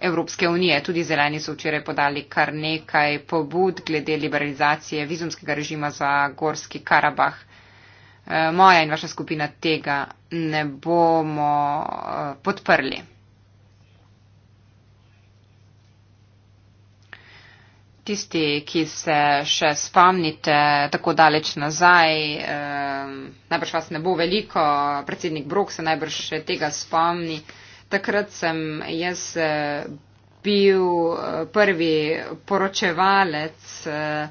S2: Evropske unije. Tudi zeleni so včeraj podali kar nekaj pobud glede liberalizacije vizumskega režima za Gorski Karabah. Eh, moja in vaša skupina tega ne bomo eh, podprli. Tisti, ki se še spomnite tako daleč nazaj, eh, najbrž vas ne bo veliko, predsednik Brok se najbrž še tega spomni takrat sem jaz eh, bil eh, prvi poročevalec eh,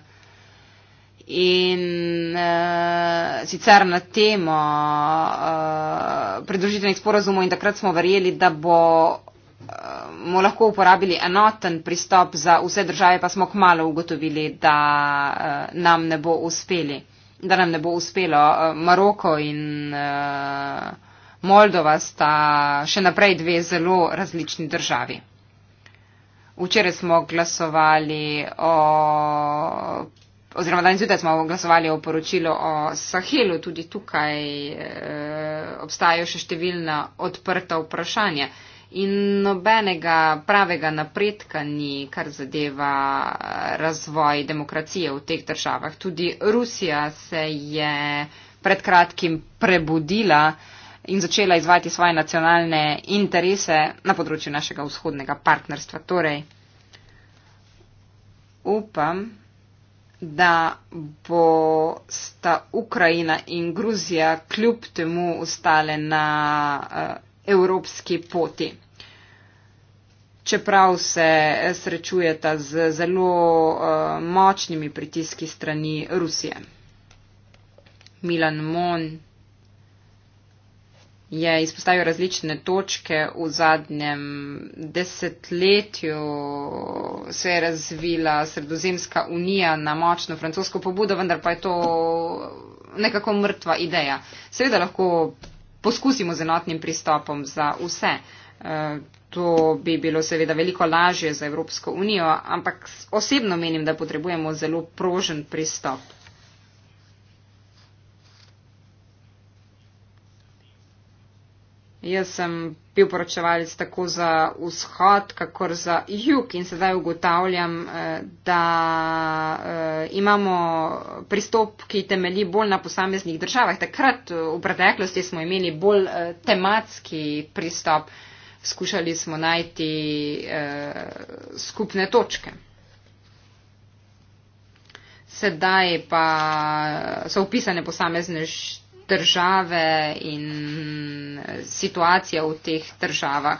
S2: in uh, sicer na temo uh, predružitvenih sporozumov in takrat smo verjeli, da bomo uh, lahko uporabili enoten pristop za vse države, pa smo kmalo ugotovili, da uh, nam ne bo uspeli, da nam ne bo uspelo uh, Maroko in uh, Moldova sta še naprej dve zelo različni državi. Včeraj smo glasovali o, oziroma danes zjutraj smo glasovali o poročilu o Sahelu, tudi tukaj eh, obstajajo še številna odprta vprašanja in nobenega pravega napredka ni, kar zadeva razvoj demokracije v teh državah. Tudi Rusija se je pred kratkim prebudila, eh, in začela izvajati svoje nacionalne interese na področju našega vzhodnega partnerstva. Torej, upam, da bo sta Ukrajina in Gruzija kljub temu ostale na uh, evropski poti. Čeprav se eh, srečujeta z zelo uh, močnimi pritiski strani Rusije. Milan Mon je izpostavil različne točke v zadnjem desetletju, se je razvila sredozemska unija na močno francosko pobudo, vendar pa je to nekako mrtva ideja. Seveda lahko poskusimo z enotnim pristopom za vse. E, to bi bilo seveda veliko lažje za Evropsko unijo, ampak osebno menim, da potrebujemo zelo prožen pristop. Jaz sem bil poročevalec tako za vzhod, kakor za jug in sedaj ugotavljam, eh, da eh, imamo pristop, ki temelji bolj na posameznih državah. Takrat eh, v preteklosti smo imeli bolj tematski pristop, skušali smo najti skupne točke. Sedaj pa so upisane posamezne države in situacija v teh državah.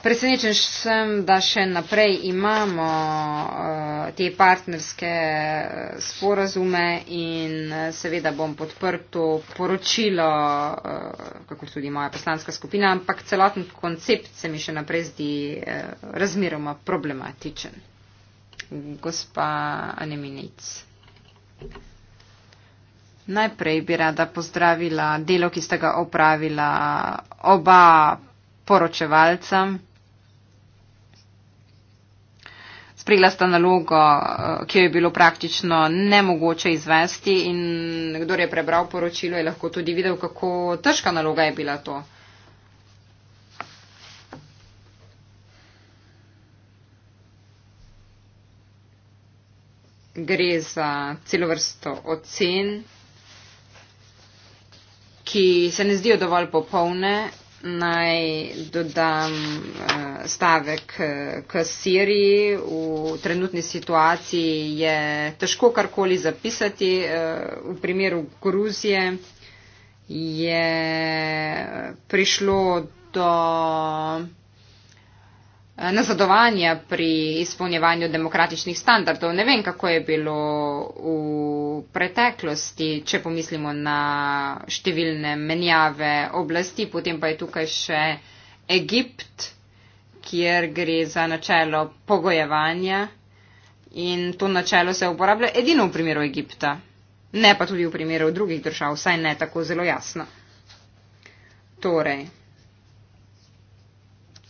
S2: Presenečen sem, da še naprej imamo eh, te partnerske eh, sporazume in eh, seveda bom podprl to poročilo, kako tudi moja poslanska skupina, ampak celoten koncept se mi še naprej zdi razmeroma problematičen. Gospa Aneminic. Thank you. Najprej bi rada pozdravila delo, ki ste ga opravila oba poročevalca. Sprejela sta nalogo, eh, ki jo je bilo praktično nemogoče izvesti in kdo je prebral poročilo, je lahko tudi videl, kako težka naloga je bila to. Gre za celo vrsto ocen ki se ne zdijo dovolj popolne, naj dodam eh, stavek eh, k Siriji. V trenutni situaciji je težko karkoli zapisati. Eh, v primeru Gruzije je prišlo do nazadovanja pri izpolnjevanju demokratičnih standardov. Ne vem, kako je bilo v preteklosti, če pomislimo na številne menjave oblasti, potem pa je tukaj še Egipt, kjer gre za načelo pogojevanja in to načelo se uporablja edino v primeru Egipta, ne pa tudi v primeru drugih držav, saj ne tako zelo jasno. Torej,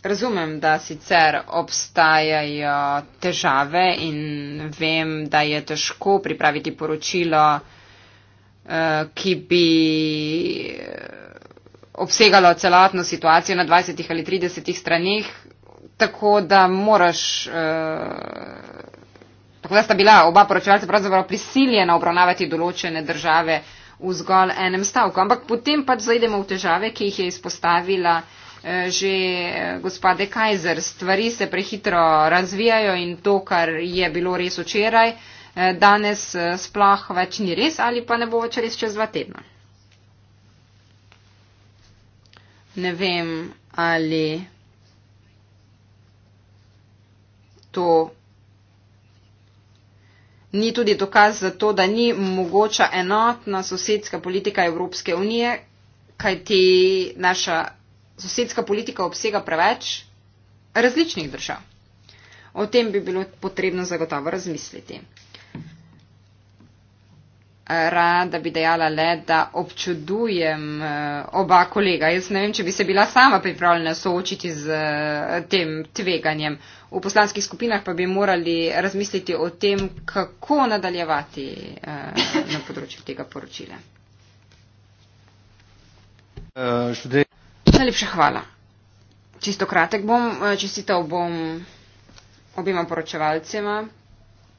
S2: Razumem, da sicer obstajajo težave in vem, da je težko pripraviti poročilo, eh, ki bi eh, obsegalo celotno situacijo na 20 ali 30 stranih, tako da moraš. Eh, tako da sta bila oba poročevalca pravzaprav prisiljena obravnavati določene države v zgolj enem stavku. Ampak potem pač zaidemo v težave, ki jih je izpostavila uh, Eh, že eh, gospa De Kajzer, stvari se prehitro razvijajo in to, kar je bilo res včeraj, eh, danes sploh več ni res ali pa ne bo več res čez dva tedna. Ne vem, ali to ni tudi dokaz za to, da ni mogoča enotna sosedska politika Evropske unije, kajti naša sosedska politika obsega preveč različnih držav. O tem bi bilo potrebno zagotovo razmisliti. Rada bi dejala le, da občudujem eh, oba kolega. Jaz ne vem, če bi se bila sama pripravljena soočiti z eh, tem tveganjem. V poslanskih skupinah pa bi morali razmisliti o tem, kako nadaljevati eh, na področju tega poročila. Uh, najlepša hvala. Čisto kratek bom, eh, čestital bom obima poročevalcema,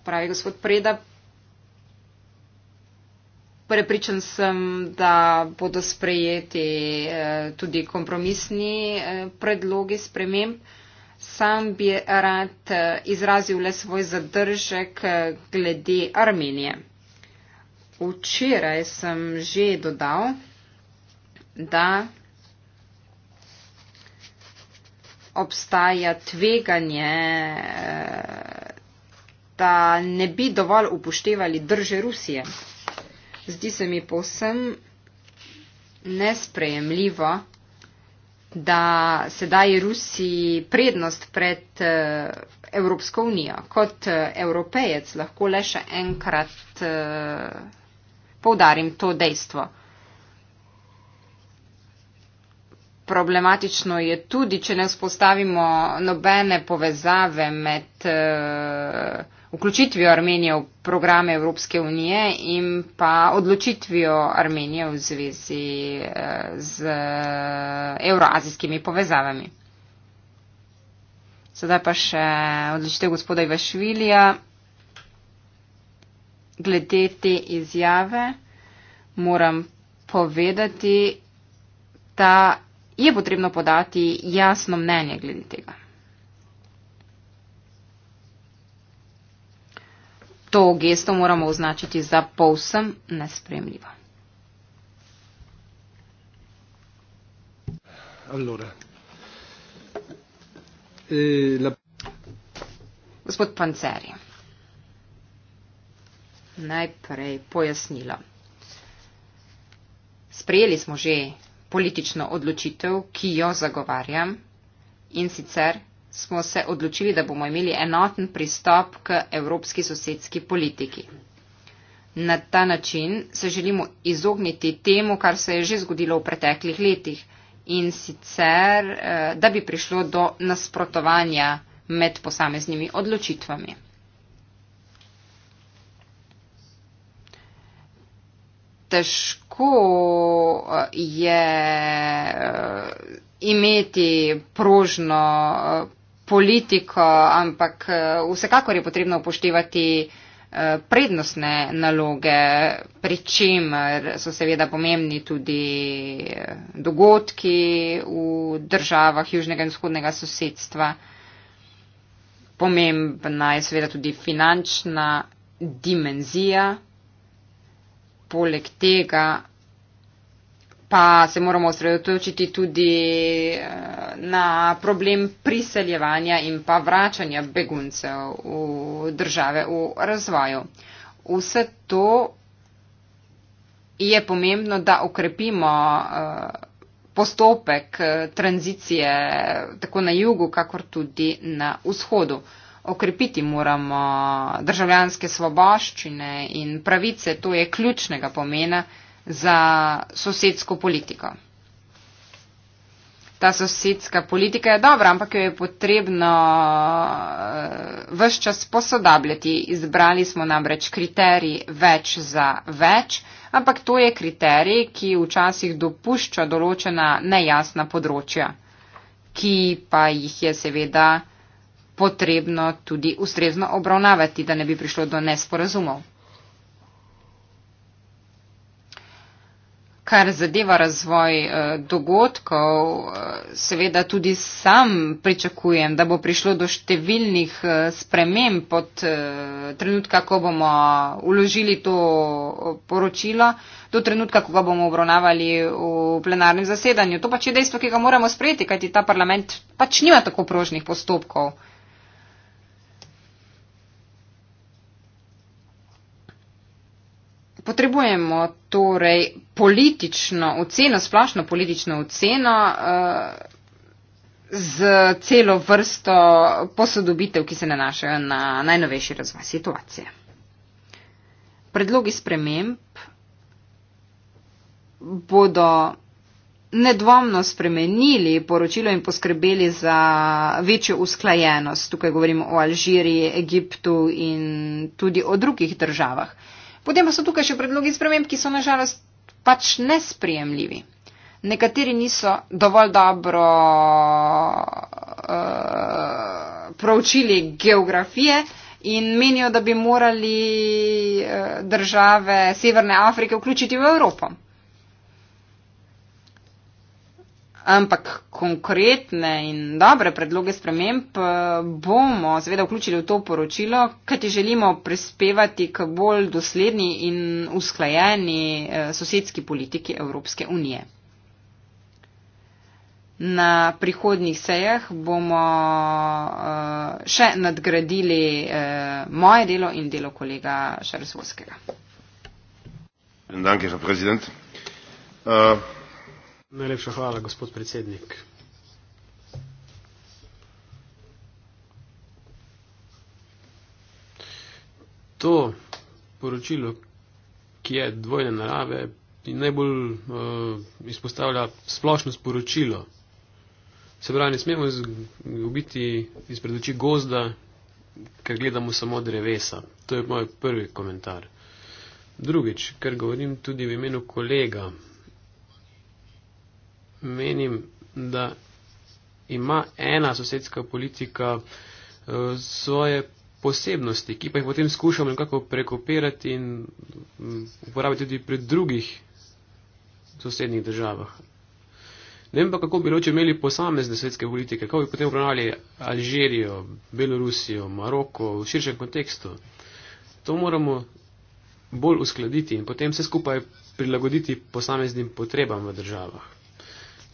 S2: pravi gospod Preda. Prepričan sem, da bodo sprejeti eh, tudi kompromisni eh, predlogi sprememb. Sam bi rad izrazil le svoj zadržek glede Armenije. Včeraj sem že dodal, da obstaja tveganje, eh, da ne bi dovolj upoštevali drže Rusije. Zdi se mi posem nesprejemljivo, da se daje Rusiji prednost pred eh, Evropsko unijo. Kot eh, evropejec lahko le še enkrat poudarim to dejstvo. problematično je tudi, če ne vzpostavimo nobene povezave med uh, vključitvijo Armenije v programe Evropske unije in pa odločitvijo Armenije v zvezi uh, z euroazijskimi eh, povezavami. Sedaj pa še odločitev gospoda Ivašvilija glede te izjave. Moram povedati, da je potrebno podati jasno mnenje glede tega. To gesto moramo označiti za povsem nespremljivo. Allora. E, la... Gospod Panceri, najprej pojasnilo. Sprejeli smo že politično odločitev, ki jo zagovarjam. In sicer smo se odločili, da bomo imeli enoten pristop k evropski sosedski politiki. Na ta način se želimo izogniti temu, kar se je že zgodilo v preteklih letih in sicer, eh, da bi prišlo do nasprotovanja med posameznimi odločitvami. težko eh, je eh, imeti prožno eh, politiko, ampak vsekakor je potrebno upoštevati prednostne naloge, pri čemer so seveda pomembni tudi dogodki v državah južnega in vzhodnega sosedstva. Pomembna je seveda tudi finančna dimenzija poleg tega pa se moramo osredotočiti tudi eh, na problem priseljevanja in pa vračanja beguncev v države v razvoju. Vse to je pomembno, da okrepimo eh, postopek eh, tranzicije tako na jugu, kakor tudi na vzhodu okrepiti moramo državljanske svoboščine in pravice, to je ključnega pomena za sosedsko politiko. Ta sosedska politika je dobra, ampak jo je potrebno eh, vse čas posodabljati. Izbrali smo namreč kriterij več za več, ampak to je kriterij, ki včasih dopušča določena nejasna področja, ki pa jih je seveda potrebno tudi ustrezno obravnavati, da ne bi prišlo do nesporazumov. Kar zadeva razvoj eh, dogodkov, eh, seveda tudi sam pričakujem, da bo prišlo do številnih eh, sprememb pod trenutka, ko bomo uložili to poročilo, do trenutka, ko ga bomo obravnavali v plenarnem zasedanju. To pač je dejstvo, ki ga moramo sprejeti, kajti ta parlament pač nima tako prožnih postopkov. Potrebujemo torej politično oceno, splošno politično oceno eh, z celo vrsto posodobitev, ki se nanašajo na najnovejši razvoj situacije. Predlogi sprememb bodo nedvomno spremenili poročilo in poskrbeli za večjo usklajenost. Tukaj govorimo o Alžiriji, Egiptu in tudi o drugih državah. Uh, Potem pa so tukaj še predlogi sprememb, ki so nažalost pač nesprijemljivi. Nekateri niso dovolj dobro uh, proučili geografije in menijo, da bi morali uh, države Severne Afrike vključiti v Evropo. Ampak konkretne in dobre predloge sprememb eh, bomo seveda vključili v to poročilo, kaj ti želimo prispevati k bolj dosledni in usklajeni eh, sosedski politiki Evropske unije. Na prihodnih sejah bomo eh, še nadgradili moje delo in delo kolega Šarzovskega.
S3: Hvala, predsednik.
S4: Najlepša hvala, gospod predsednik. To poročilo, ki je dvojne narave, najbolj uh, izpostavlja splošno sporočilo. Se pravi, ne smemo izgubiti izpred oči gozda, ker gledamo samo drevesa. To je moj prvi komentar. Drugič, ker govorim tudi v imenu kolega, menim, da ima ena sosedska politika eh, svoje posebnosti, ki pa jih potem skušamo nekako prekopirati in mm, uporabiti tudi pri drugih sosednjih državah. Ne vem pa, kako bi loče imeli posamezne svetske politike, kako bi potem obravnavali Alžirijo, Belorusijo, Maroko v širšem kontekstu. To moramo bolj uskladiti in potem vse skupaj prilagoditi posameznim potrebam v državah.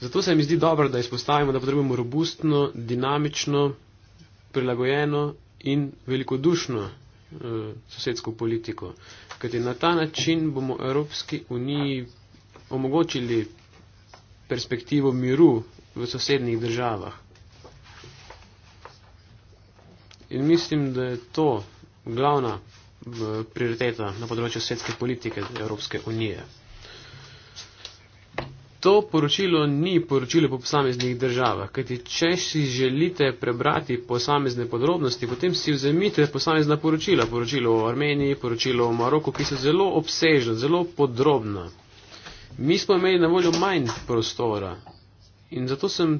S4: Zato se mi zdi dobro, da izpostavimo, da potrebujemo robustno, dinamično, prilagojeno in velikodušno uh, sosedsko politiko. Ker na ta način bomo Evropski uniji omogočili perspektivo miru v sosednjih državah. In mislim, da je to glavna eh, prioriteta na področju svetske politike Evropske unije. To poročilo ni poročilo po posameznih državah, kajti če si želite prebrati posamezne podrobnosti, potem si vzemite posamezna poročila, poročilo o Armeniji, poročilo o Maroku, ki so zelo obsežna, zelo podrobna. Mi smo imeli na voljo manj prostora in zato sem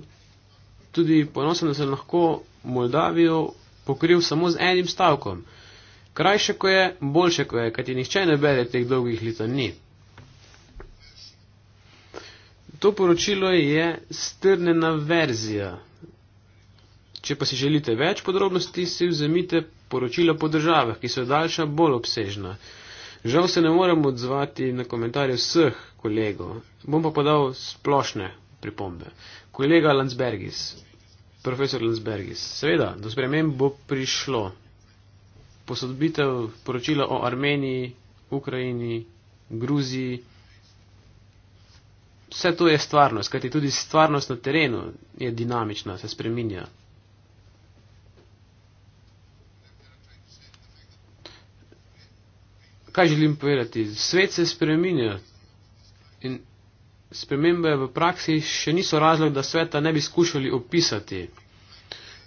S4: tudi ponosen, da sem lahko Moldavijo pokril samo z enim stavkom. Krajše, ko je, boljše, ko je, kajti nihče ne bere teh dolgih litanij. To poročilo je strnjena verzija. Če pa si želite več podrobnosti, si vzemite poročilo po državah, ki so daljša, bolj obsežna. Žal se ne morem odzvati na komentarje vseh kolegov, bom pa podal splošne pripombe. Kolega Landsbergis, profesor Landsbergis, seveda, do sprememb bo prišlo. Posodbitev poročila o Armeniji, Ukrajini, Gruziji vse to je stvarnost, kajti tudi stvarnost na terenu je dinamična, se spreminja. Kaj želim povedati? Svet se spreminja in spremembe v praksi še niso razlog, da sveta ne bi skušali opisati.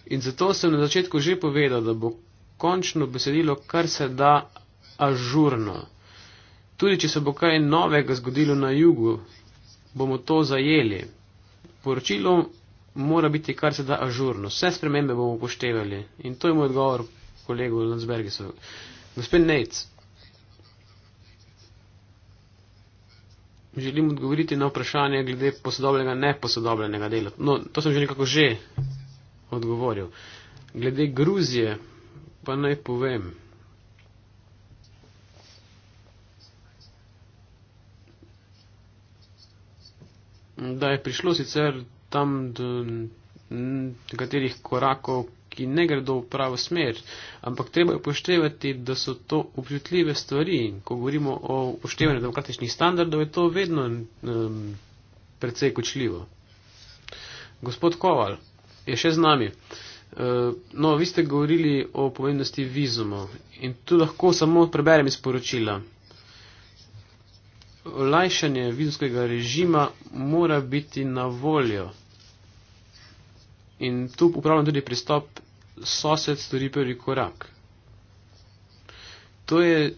S4: In zato sem na začetku že povedal, da bo končno besedilo kar se da ažurno. Tudi, če se bo kaj novega zgodilo na jugu, bomo to zajeli. Poročilo mora biti kar se da ažurno, vse spremembe bomo upoštevali in to je moj odgovor kolegu Lansbergisu. Gospod Nec, želim odgovoriti na vprašanje glede posodobljenega, neposodobljenega dela. No, to sem že nekako že odgovoril. Glede Gruzije pa naj povem. da je prišlo sicer tam do nekaterih korakov, ki ne gredo v pravo smer, ampak treba je upoštevati, da so to občutljive stvari. Ko govorimo o upoštevanju demokratičnih standardov, je to vedno um, precej kočljivo. Gospod Koval je še z nami. E, no, vi ste govorili o pomembnosti vizumov in tu lahko samo preberem iz poročila olajšanje vizumskega režima mora biti na voljo. In tu upravljam tudi pristop sosed stori prvi korak. To je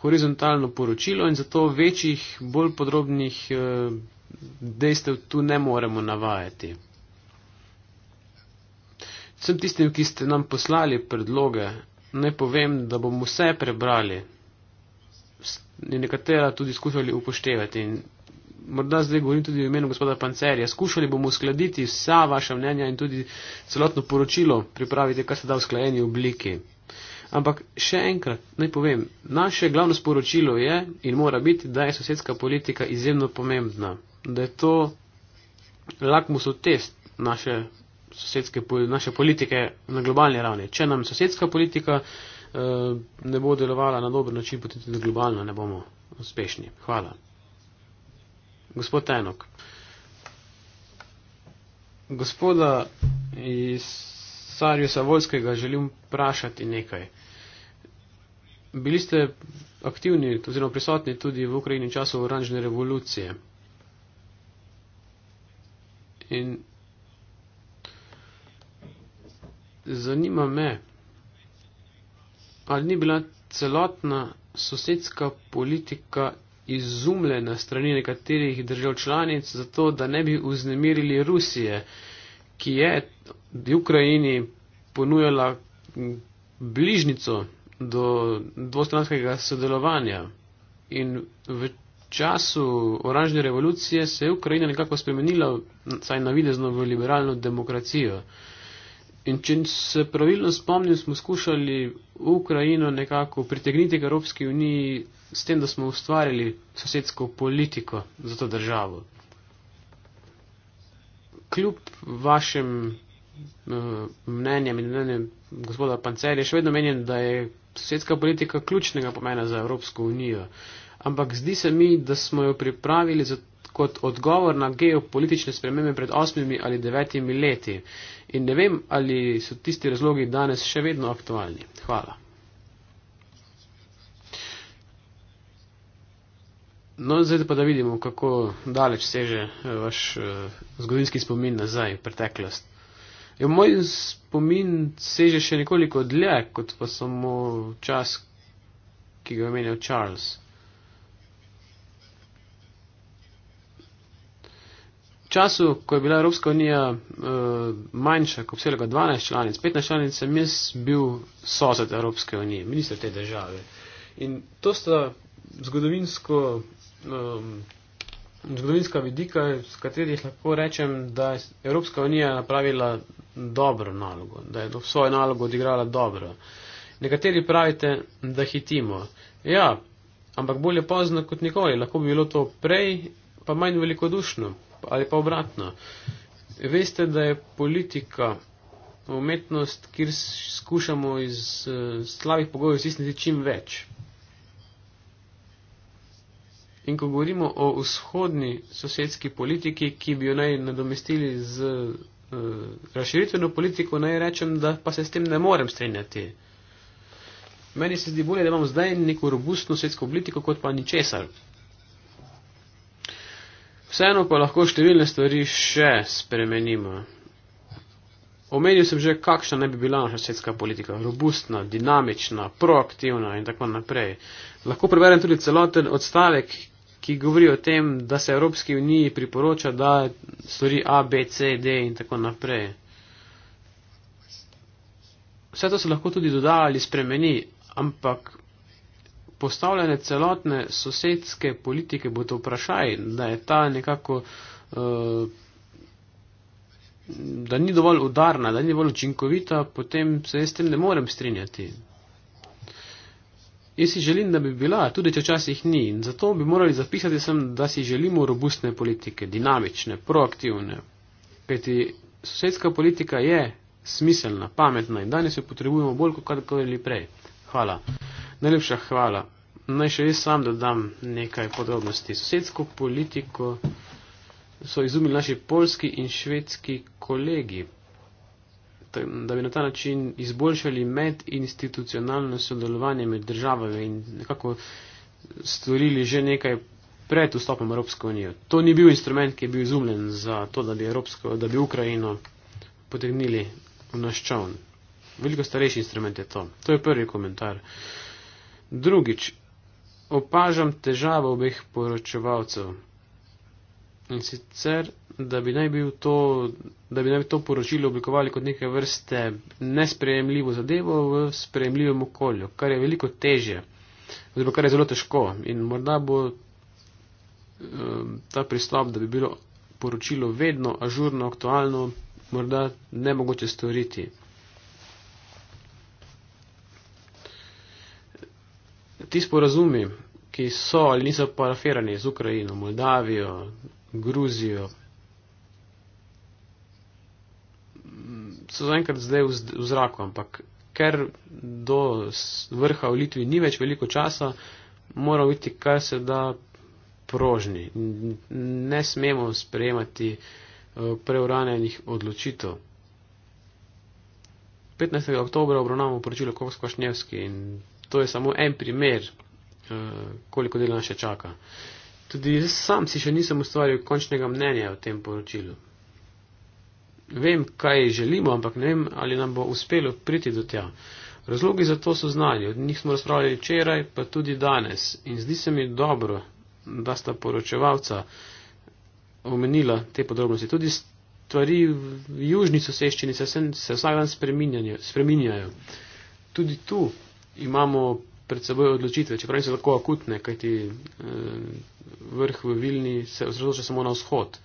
S4: horizontalno poročilo in zato večjih, bolj podrobnih eh, dejstev tu ne moremo navajati. Vsem tistim, ki ste nam poslali predloge, naj povem, da bomo vse prebrali, nekatera tudi skušali upoštevati. In morda zdaj govorim tudi v imenu gospoda Pancerja. Skušali bomo uskladiti vsa vaša mnenja in tudi celotno poročilo pripraviti, kar se da v sklajeni obliki. Ampak še enkrat naj povem, naše glavno sporočilo je in mora biti, da je sosedska politika izjemno pomembna, da je to lakmusov test naše, sosedske, naše politike na globalni ravni. Če nam sosedska politika ne bo delovala na dober način, potem tudi globalno ne bomo uspešni. Hvala. Gospod Tenok. Gospoda iz Sarjusa Volskega želim vprašati nekaj. Bili ste aktivni oziroma prisotni tudi v Ukrajini v času oranžne revolucije. In zanima me, ali ni bila celotna sosedska politika izumljena strani nekaterih držav članic, zato da ne bi uznemirili Rusije, ki je v Ukrajini ponujala bližnico do dvostranskega sodelovanja. In v času oranžne revolucije se je Ukrajina nekako spremenila, saj navidezno v liberalno demokracijo. In če se pravilno spomnim, smo skušali Ukrajino nekako pritegniti k Evropski uniji s tem, da smo ustvarili sosedsko politiko za to državo. Kljub vašem uh, mnenjem in mnenjem gospoda Pancerja, še vedno menim, da je sosedska politika ključnega pomena za Evropsko unijo. Ampak zdi se mi, da smo jo pripravili zato, kot odgovor na geopolitične spremembe pred osmimi ali devetimi leti. In ne vem, ali so tisti razlogi danes še vedno aktualni. Hvala. No, zdaj pa da vidimo, kako daleč seže eh, vaš eh, zgodovinski spomin nazaj, preteklost. Jo, ja, moj spomin seže še nekoliko dlje, kot pa samo čas, ki ga je imenil Charles. času, ko je bila Evropska unija uh, manjša, ko vsega 12 članic, 15 članic, sem jaz bil sosed Evropske unije, minister te države. In to sta zgodovinsko, um, zgodovinska vidika, z katerih lahko rečem, da je Evropska unija napravila dobro nalogo, da je svojo nalogo odigrala dobro. Nekateri pravite, da hitimo. Ja, ampak bolje pozno kot nikoli. Lahko bi bilo to prej, pa manj velikodušno ali pa obratno. Veste, da je politika umetnost, kjer skušamo iz uh, slabih pogojev stisniti čim več. In ko govorimo o vzhodni sosedski politiki, ki bi jo naj nadomestili z uh, razširitveno politiko, naj rečem, da pa se s tem ne morem strinjati. Meni se zdi bolje, da imam zdaj neko robustno sosedsko politiko, kot pa ničesar. Vseeno pa lahko številne stvari še spremenimo. Omenil sem že, kakšna ne bi bila naša svetska politika. Robustna, dinamična, proaktivna in tako naprej. Lahko preberem tudi celoten odstavek, ki govori o tem, da se Evropski uniji priporoča, da stori A, B, C, D in tako naprej. Vse to se lahko tudi doda ali spremeni, ampak postavljanje celotne sosedske politike bo to vprašaj, da je ta nekako, eh, da ni dovolj udarna, da ni dovolj učinkovita, potem se jaz s tem ne morem strinjati. Jaz si želim, da bi bila, tudi če včasih ni. In zato bi morali zapisati sem, da si želimo robustne politike, dinamične, proaktivne. Kajti sosedska politika je smiselna, pametna in danes jo potrebujemo bolj kot kadarkoli prej. Hvala. Najlepša hvala. Naj še jaz sam dodam nekaj podrobnosti. Sosedsko politiko so izumili naši polski in švedski kolegi, da bi na ta način izboljšali medinstitucionalno sodelovanje med državami in nekako stvorili že nekaj pred vstopom Evropske unije. To ni bil instrument, ki je bil izumljen za to, da bi, Evropsko, da bi Ukrajino potegnili v naš čovn. Veliko starejši instrument je to. To je prvi komentar. Drugič, opažam težavo obeh poročevalcev. In sicer, da bi naj, bil to, da bi naj bi to poročilo oblikovali kot neke vrste nesprejemljivo zadevo v sprejemljivem okolju, kar je veliko težje, oziroma kar je zelo težko. In morda bo um, ta pristop, da bi bilo poročilo vedno ažurno, aktualno, morda nemogoče storiti. ti sporazumi, ki so ali niso parafirani z Ukrajino, Moldavijo, Gruzijo, so zaenkrat zdaj v, v zraku, ampak ker do vrha v Litvi ni več veliko časa, moramo biti kar se da prožni. Ne smemo sprejemati eh, preuranjenih odločitev. 15. oktober obravnavamo poročilo Kovskošnjevski in to je samo en primer, eh, koliko dela nas še čaka. Tudi jaz sam si še nisem ustvaril končnega mnenja o tem poročilu. Vem, kaj želimo, ampak ne vem, ali nam bo uspelo priti do tja. Razlogi za to so znani, od njih smo razpravljali včeraj, pa tudi danes. In zdi se mi dobro, da sta poročevalca omenila te podrobnosti. Tudi stvari v južni soseščini se, se vsak dan spreminjajo. Tudi tu imamo pred seboj odločitve, čeprav niso tako akutne, kajti eh, vrh v Vilni se osredotoča samo na vzhod.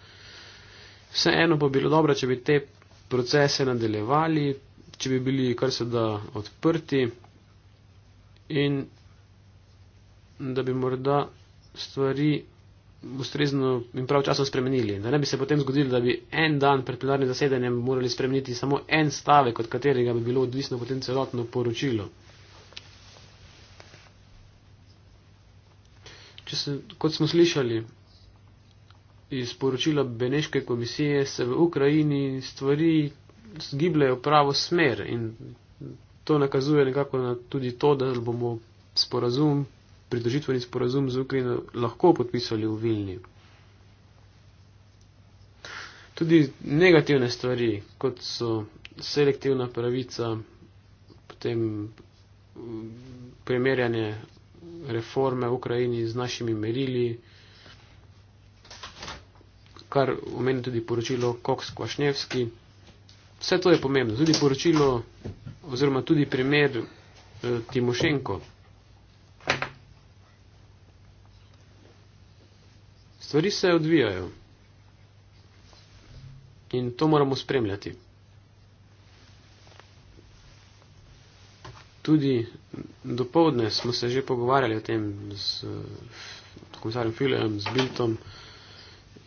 S4: Vseeno pa bi bilo dobro, če bi te procese nadaljevali, če bi bili kar se da odprti in da bi morda stvari ustrezno in pravčasno spremenili. Da ne bi se potem zgodilo, da bi en dan pred plenarnim zasedanjem morali spremeniti samo en stavek, od katerega bi bilo odvisno potem celotno poročilo. Če se, kot smo slišali iz poročila Beneške komisije, se v Ukrajini stvari zgibljajo v pravo smer in to nakazuje nekako na tudi to, da bomo sporazum, pridružitveni sporazum z Ukrajino lahko podpisali v Vilni. Tudi negativne stvari, kot so selektivna pravica, potem mm, primerjanje reforme v Ukrajini z našimi merili, kar omeni tudi poročilo Koks-Kvašnevski. Vse to je pomembno. Tudi poročilo oziroma tudi primer eh, Timošenko. Stvari se odvijajo in to moramo spremljati. tudi dopoledne smo se že pogovarjali o tem z eh, komisarjem Filejem, z Biltom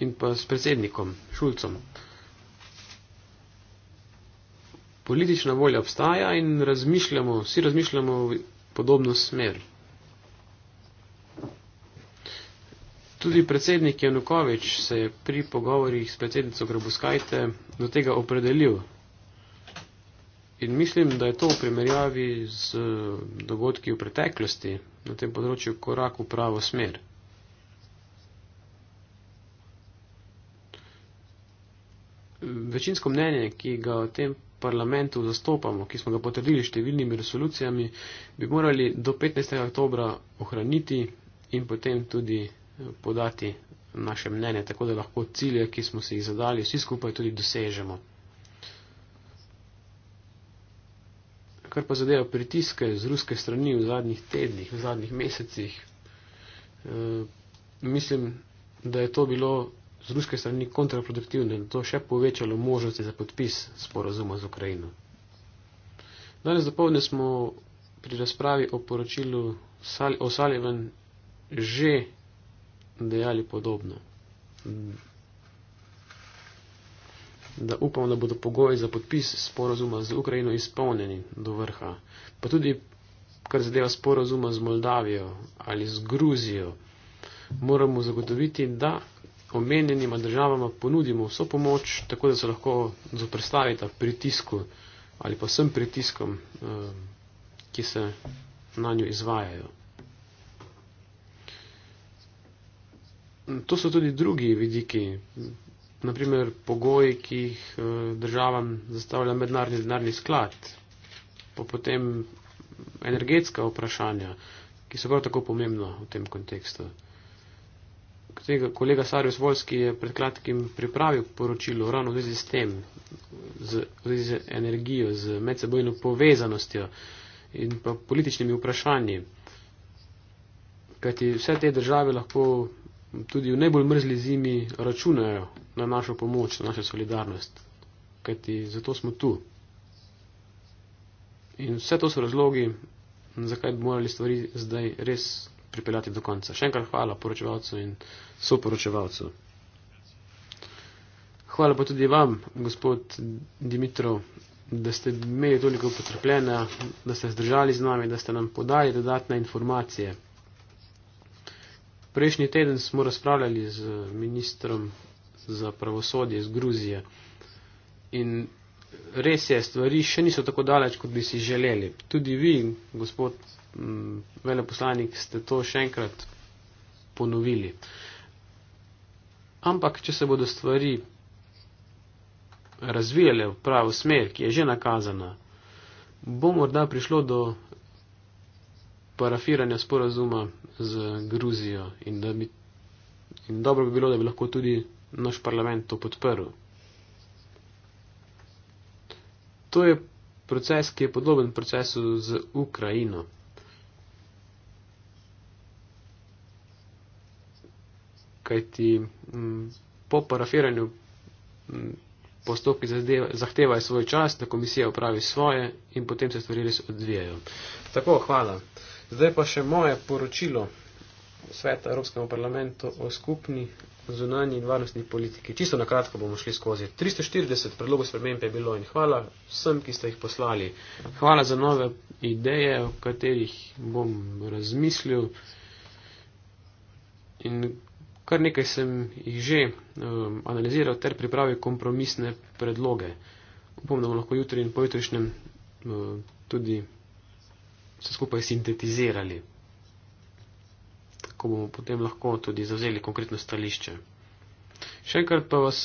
S4: in pa s predsednikom Šulcem. Politična volja obstaja in razmišljamo, vsi razmišljamo v podobno smer. Tudi predsednik Janukovič se je pri pogovorih s predsednico Grabuskajte do tega opredelil, In mislim, da je to v primerjavi z eh, dogodki v preteklosti na tem področju korak v pravo smer. Večinsko mnenje, ki ga v tem parlamentu zastopamo, ki smo ga potrdili številnimi resolucijami, bi morali do 15. oktobra ohraniti in potem tudi eh, podati naše mnenje, tako da lahko cilje, ki smo si jih zadali, vsi skupaj tudi dosežemo. kar pa zadeva pritiske z ruske strani v zadnjih tednih, v zadnjih mesecih, eh, mislim, da je to bilo z ruske strani kontraproduktivno in to še povečalo možnosti za podpis sporazuma z Ukrajino. Danes dopovdne smo pri razpravi o poročilu o Saljevan že dejali podobno da upam, da bodo pogoji za podpis sporozuma z Ukrajino izpolneni do vrha. Pa tudi, kar zadeva sporozuma z Moldavijo ali z Gruzijo, moramo zagotoviti, da omenjenima državama ponudimo vso pomoč, tako da se lahko zoprstavita pritisku ali pa vsem pritiskom, eh, ki se na njo izvajajo. To so tudi drugi vidiki naprimer pogoji, ki jih eh, državam zastavlja mednarodni denarni sklad, pa potem energetska vprašanja, ki so prav tako pomembna v tem kontekstu. Kolega Sarjus Volski je pred kratkim pripravil poročilo ravno v zvezi s tem, z, v zvezi z energijo, z medsebojno povezanostjo in pa političnimi vprašanji. Kajti vse te države lahko tudi v najbolj mrzli zimi računajo na našo pomoč, na našo solidarnost, kajti zato smo tu. In vse to so razlogi, zakaj bi morali stvari zdaj res pripeljati do konca. Še enkrat hvala poročevalcu in soporočevalcu. Hvala pa tudi vam, gospod Dimitrov, da ste imeli toliko potrpljenja, da ste zdržali z nami, da ste nam podali dodatne informacije. Prejšnji teden smo razpravljali z ministrom za pravosodje iz Gruzije in res je, stvari še niso tako daleč, kot bi si želeli. Tudi vi, gospod mm, veleposlanik, ste to še enkrat ponovili. Ampak, če se bodo stvari razvijale v pravo smer, ki je že nakazana, bo morda prišlo do parafiranja sporazuma z Gruzijo in, bi, in dobro bi bilo, da bi lahko tudi naš parlament to podprl. To je proces, ki je podoben procesu z Ukrajino. Kajti mm, po parafiranju mm, postopki zahtevajo svoj čas, da komisija opravi svoje in potem se stvari res odvijajo. Tako, hvala. Zdaj pa še moje poročilo Sveta Evropskemu parlamentu o skupni zunanji in varnostni politiki. Čisto na kratko bomo šli skozi. 340 predlogov sprememb je bilo in hvala vsem, ki ste jih poslali. Hvala za nove ideje, o katerih bom razmislil. In kar nekaj sem jih že um, analiziral ter pripravil kompromisne predloge. Upam, da bomo lahko jutri in pojutrišnjem um, tudi vse skupaj sintetizirali. Tako bomo potem lahko tudi zavzeli konkretno stališče. Še enkrat pa vas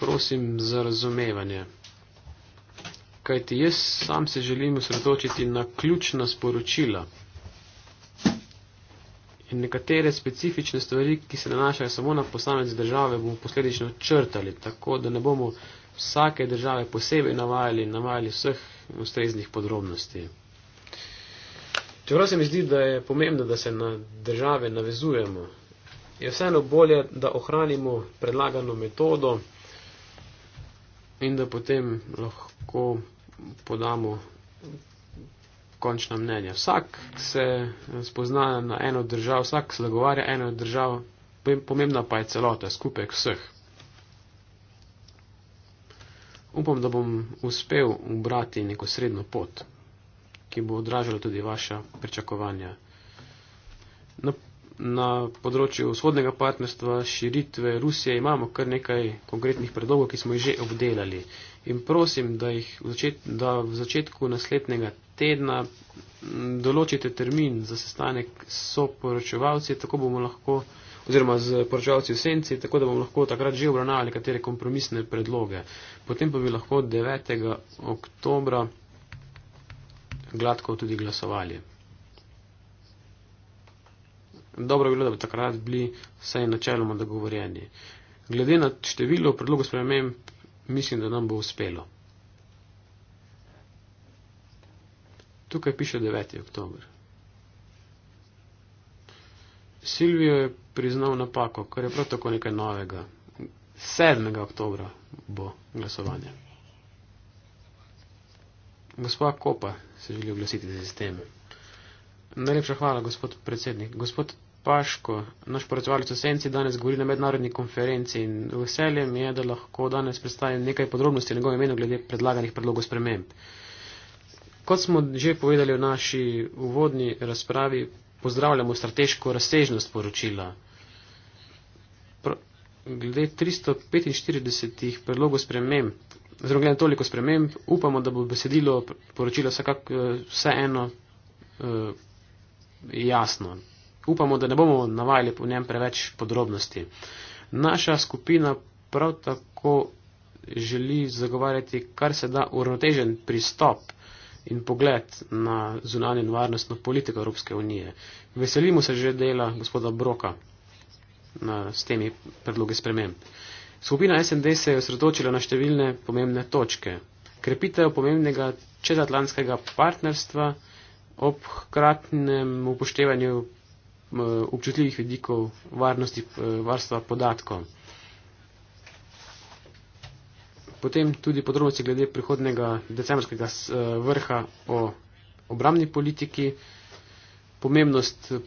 S4: prosim za razumevanje. Kajti jaz sam se želim osredotočiti na ključna sporočila in nekatere specifične stvari, ki se nanašajo samo na posamezne države, bomo posledično črtali, tako da ne bomo vsake države posebej navajali, navajali vseh ustreznih podrobnosti. Čeprav se mi zdi, da je pomembno, da se na države navezujemo, je vseeno bolje, da ohranimo predlagano metodo in da potem lahko podamo končna mnenja. Vsak se eh, spozna na eno državo, vsak slagovarja eno državo, pomembna pa je celota, skupek vseh. Upam, da bom uspel ubrati neko srednjo pot, ki bo odražala tudi vaša pričakovanja. Na, na področju vzhodnega partnerstva, širitve Rusije imamo kar nekaj konkretnih predlogov, ki smo jih že obdelali. In prosim, da, v, začet, da v začetku naslednjega tedna določite termin za sestanek s soporočevalci, tako bomo lahko oziroma z poročevalci v senci, tako da bomo lahko takrat že obravnavali katere kompromisne predloge. Potem pa bi lahko 9. oktobra gladko tudi glasovali. Dobro bi bilo, da bi takrat bili vsaj načeloma dogovorjeni. Glede na število predlogov sprememb, mislim, da nam bo uspelo. Tukaj piše 9. oktober. Silvio je priznal napako, kar je prav tako nekaj novega. 7. oktobra bo glasovanje. Gospod Kopa se želi oglasiti za sistem. Najlepša hvala, gospod predsednik. Gospod Paško, naš poročevalec v Senci, danes govori na mednarodni konferenci in veselje mi je, da lahko danes predstavim nekaj podrobnosti njegovem imenu glede predlaganih predlogov sprememb. Kot smo že povedali v naši uvodni razpravi, pozdravljamo strateško razsežnost poročila. Glede 345 predlogov sprememb, oziroma glede toliko sprememb, upamo, da bo besedilo poročila eh, vseeno uh, jasno. Upamo, da ne bomo navajali po njem preveč podrobnosti. Naša skupina prav tako želi zagovarjati kar se da uravnotežen pristop in pogled na zunanje in varnostno politiko Evropske unije. Veselimo se že dela gospoda Broka na, s temi predlogi sprememb. Skupina SND se je osredotočila na številne pomembne točke. Krepitev pomembnega čezatlantskega partnerstva ob hkratnem upoštevanju občutljivih vidikov varnosti, eh, varstva podatkov. Potem tudi podrobnosti glede prihodnega decembrskega eh, vrha o obramni politiki, pomembnost eh,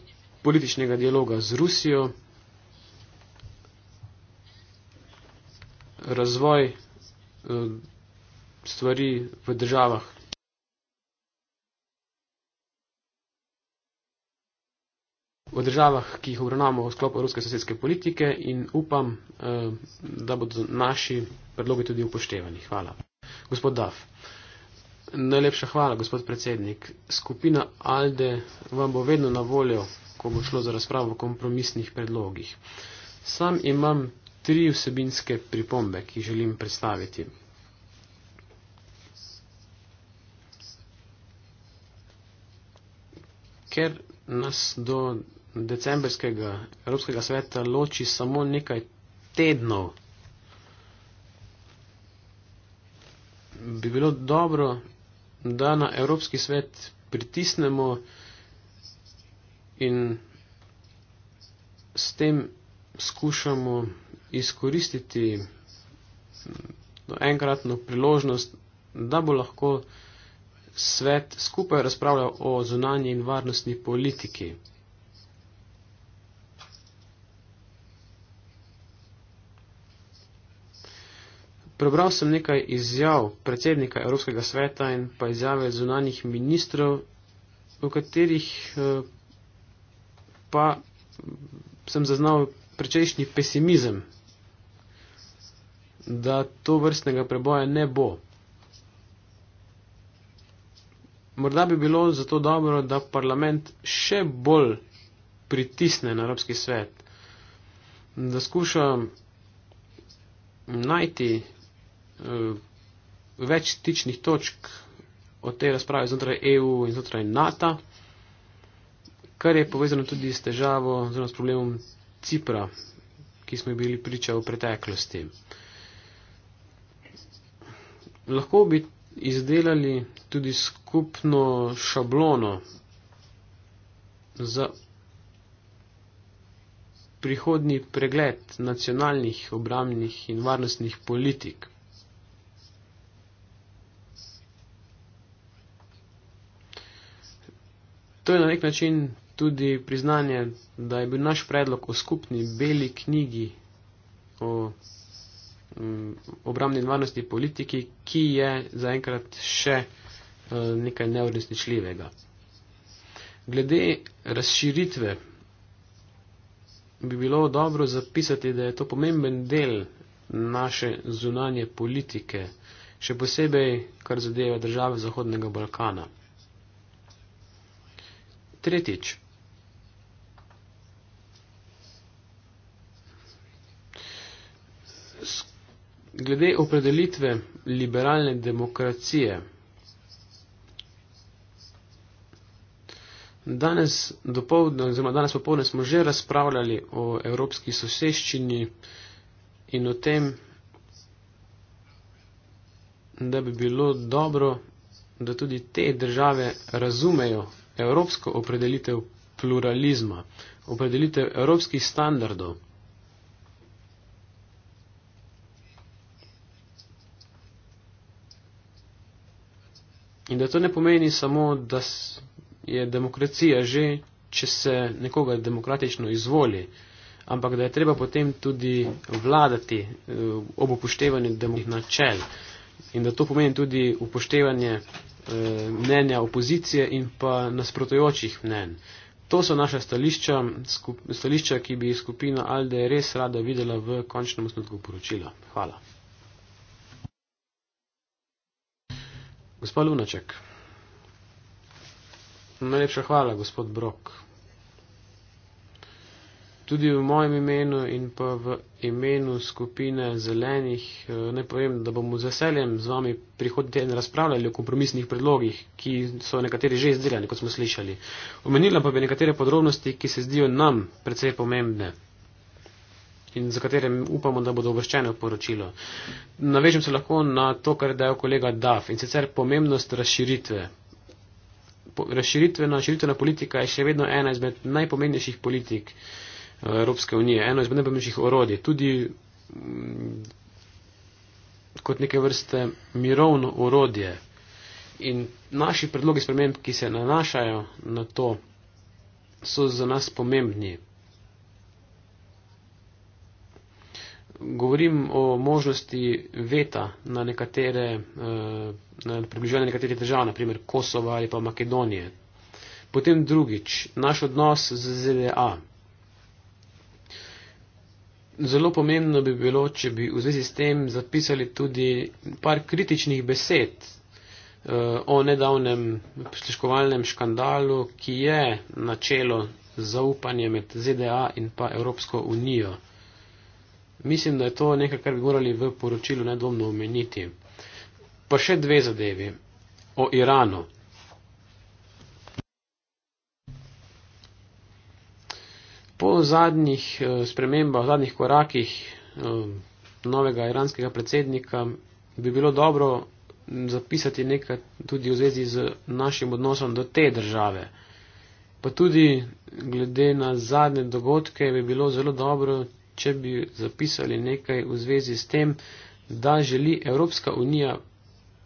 S4: političnega dialoga z Rusijo, razvoj eh, stvari v državah v državah, ki jih obravnamo v sklopu ruske sosedske politike in upam, eh, da bodo naši predlogi tudi upoštevani. Hvala. Gospod Daf. Najlepša hvala, gospod predsednik. Skupina Alde vam bo vedno na voljo, ko bo šlo za razpravo o kompromisnih predlogih. Sam imam tri vsebinske pripombe, ki želim predstaviti. Ker nas do decembrskega Evropskega sveta loči samo nekaj tednov. Bi bilo dobro, da na Evropski svet pritisnemo in s tem skušamo izkoristiti enkratno priložnost, da bo lahko svet skupaj razpravljal o zunanji in varnostni politiki. Prebral sem nekaj izjav predsednika Evropskega sveta in pa izjave zunanjih ministrov, v katerih eh, pa sem zaznal prečejšnji pesimizem, da to vrstnega preboja ne bo. Morda bi bilo zato dobro, da parlament še bolj pritisne na Evropski svet, da skuša najti Eh, več stičnih točk od te razprave znotraj EU in znotraj NATO, kar je povezano tudi s težavo oziroma s problemom Cipra, ki smo bili priča v preteklosti. Lahko bi izdelali tudi skupno šablono za prihodni pregled nacionalnih obramnih in varnostnih politik. To je na nek način tudi priznanje, da je bil naš predlog o skupni beli knjigi o um, mm, obramni in varnosti politiki, ki je zaenkrat še uh, nekaj neuresničljivega. Glede razširitve bi bilo dobro zapisati, da je to pomemben del naše zunanje politike, še posebej, kar zadeva države Zahodnega Balkana. Tretjič. Glede opredelitve liberalne demokracije. Danes dopoledne, oziroma danes popoldne smo že razpravljali o evropski soseščini in o tem, da bi bilo dobro, da tudi te države razumejo evropsko opredelitev pluralizma, opredelitev evropskih standardov. In da to ne pomeni samo, da je demokracija že, če se nekoga demokratično izvoli, ampak da je treba potem tudi vladati eh, ob upoštevanju demokratičnih načel. In da to pomeni tudi upoštevanje Eh, mnenja opozicije in pa nasprotujočih mnenj. To so naša stališča, skup, stališča, ki bi skupina Alde res rada videla v končnem osnutku poročila. Hvala. Gospod Lunaček. Najlepša hvala, gospod Brok. Tudi v mojem imenu in pa v imenu skupine zelenih eh, ne povem, da bomo z veseljem z vami prihodnji teden razpravljali o kompromisnih predlogih, ki so nekateri že izdelali, kot smo slišali. Omenila pa bi nekatere podrobnosti, ki se zdijo nam precej pomembne in za katere upamo, da bodo uvrščene v poročilo. Navežem se lahko na to, kar je dejal kolega Daf in sicer pomembnost razširitve. Razširitvena, razširitvena politika je še vedno ena izmed najpomembnejših politik. Evropske unije. Eno izmed najpomembnejših orodij, tudi mm, kot neke vrste mirovno orodje. In naši predlogi sprememb, ki se nanašajo na to, so za nas pomembni. Govorim o možnosti veta na nekatere, eh, na približanje nekaterih držav, naprimer Kosova ali pa Makedonije. Potem drugič, naš odnos z ZDA. Zelo pomembno bi bilo, če bi v zvezi s tem zapisali tudi par kritičnih besed eh, o nedavnem prisluškovalnem škandalu, ki je načelo zaupanje med ZDA in pa Evropsko unijo. Mislim, da je to nekaj, kar bi morali v poročilu nedvomno omeniti. Pa še dve zadevi o Iranu. po zadnjih eh, spremembah, zadnjih korakih eh, novega iranskega predsednika bi bilo dobro zapisati nekaj tudi v zvezi z našim odnosom do te države. Pa tudi glede na zadnje dogodke bi bilo zelo dobro, če bi zapisali nekaj v zvezi s tem, da želi Evropska unija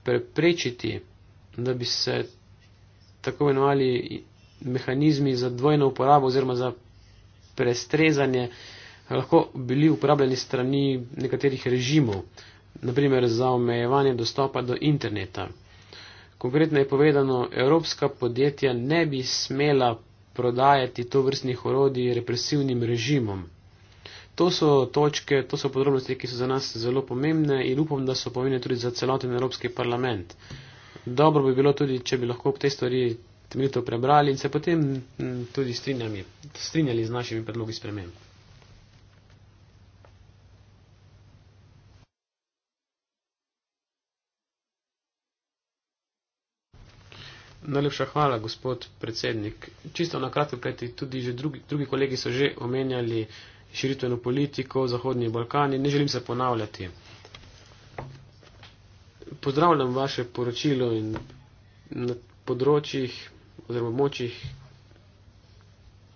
S4: preprečiti, da bi se tako imenovali mehanizmi za dvojno uporabo oziroma za prestrezanje lahko bili uporabljeni strani nekaterih režimov, naprimer za omejevanje dostopa do interneta. Konkretno je povedano, evropska podjetja ne bi smela prodajati to vrstnih orodij represivnim režimom. To so točke, to so podrobnosti, ki so za nas zelo pomembne in upam, da so pomembne tudi za celoten Evropski parlament. Dobro bi bilo tudi, če bi lahko ob tej stvari temeljito prebrali in se potem mm, tudi strinjali, strinjali z našimi predlogi sprememb. Najlepša hvala, gospod predsednik. Čisto na kratko, kajti tudi že drugi, drugi kolegi so že omenjali širitveno politiko, Zahodni Balkan in ne želim se ponavljati. Pozdravljam vaše poročilo in na področjih oziroma močjih,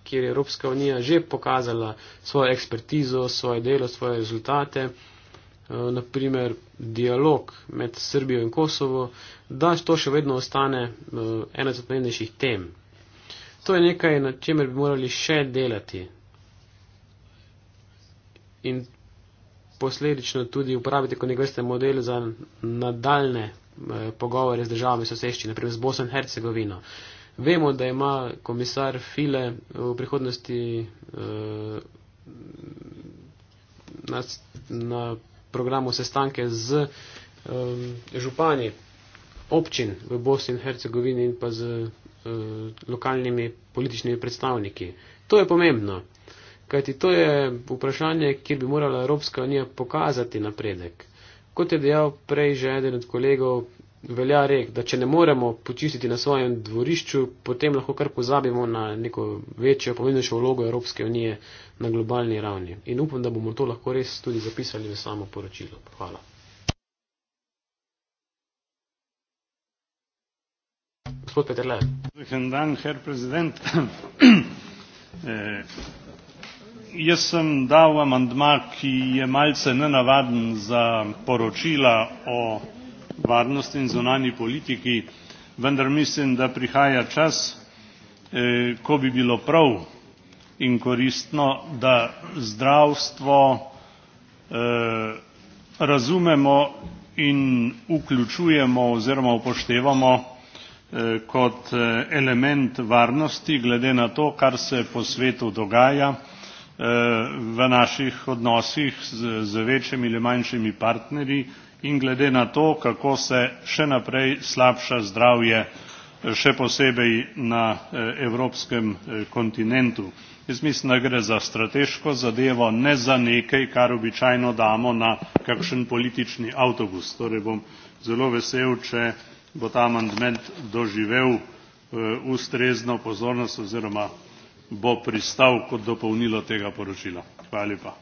S4: kjer je Evropska unija že pokazala svojo ekspertizo, svoje delo, svoje rezultate, eh, naprimer dialog med Srbijo in Kosovo, da to še vedno ostane eh, ena od pomembnejših tem. To je nekaj, na čemer bi morali še delati in posledično tudi uporabiti kot nek vrste model za nadaljne eh, pogovore z državami soseščine, naprimer z Bosno in Hercegovino. Uh, Vemo, da ima komisar File v prihodnosti uh, na, na programu sestanke z um, župani občin v Bosni in Hercegovini in pa z uh, lokalnimi političnimi predstavniki. To je pomembno, kajti to je vprašanje, kjer bi morala Evropska unija pokazati napredek. Kot je dejal prej že eden od kolegov, velja rek, da če ne moremo počistiti na svojem dvorišču, potem lahko kar pozabimo na neko večjo, pomembnejšo vlogo Evropske unije na globalni ravni. In upam, da bomo to lahko res tudi zapisali v samo poročilo. Hvala.
S3: Gospod Peterle. Zahen dan, her prezident. Eh, jaz sem dal amandma, ki je malce nenavaden za poročila o varnosti in zunanji politiki vendar mislim da prihaja čas eh, ko bi bilo prav in koristno da zdravstvo eh, razumemo in vključujemo oziroma upoštevamo eh, kot element varnosti glede na to kar se po svetu dogaja v naših odnosih z večjimi ali manjšimi partnerji in glede na to kako se še naprej slabša zdravje še posebej na eh, evropskem eh, kontinentu. Jaz mislim, da gre za strateško zadevo, ne za nekaj, kar običajno damo na kakšen politični avtobus. Torej bom zelo vesel, če bo ta amandment doživel eh, ustrezno pozornost oziroma bo pristal kot dopolnilo tega poročila. Hvala lepa.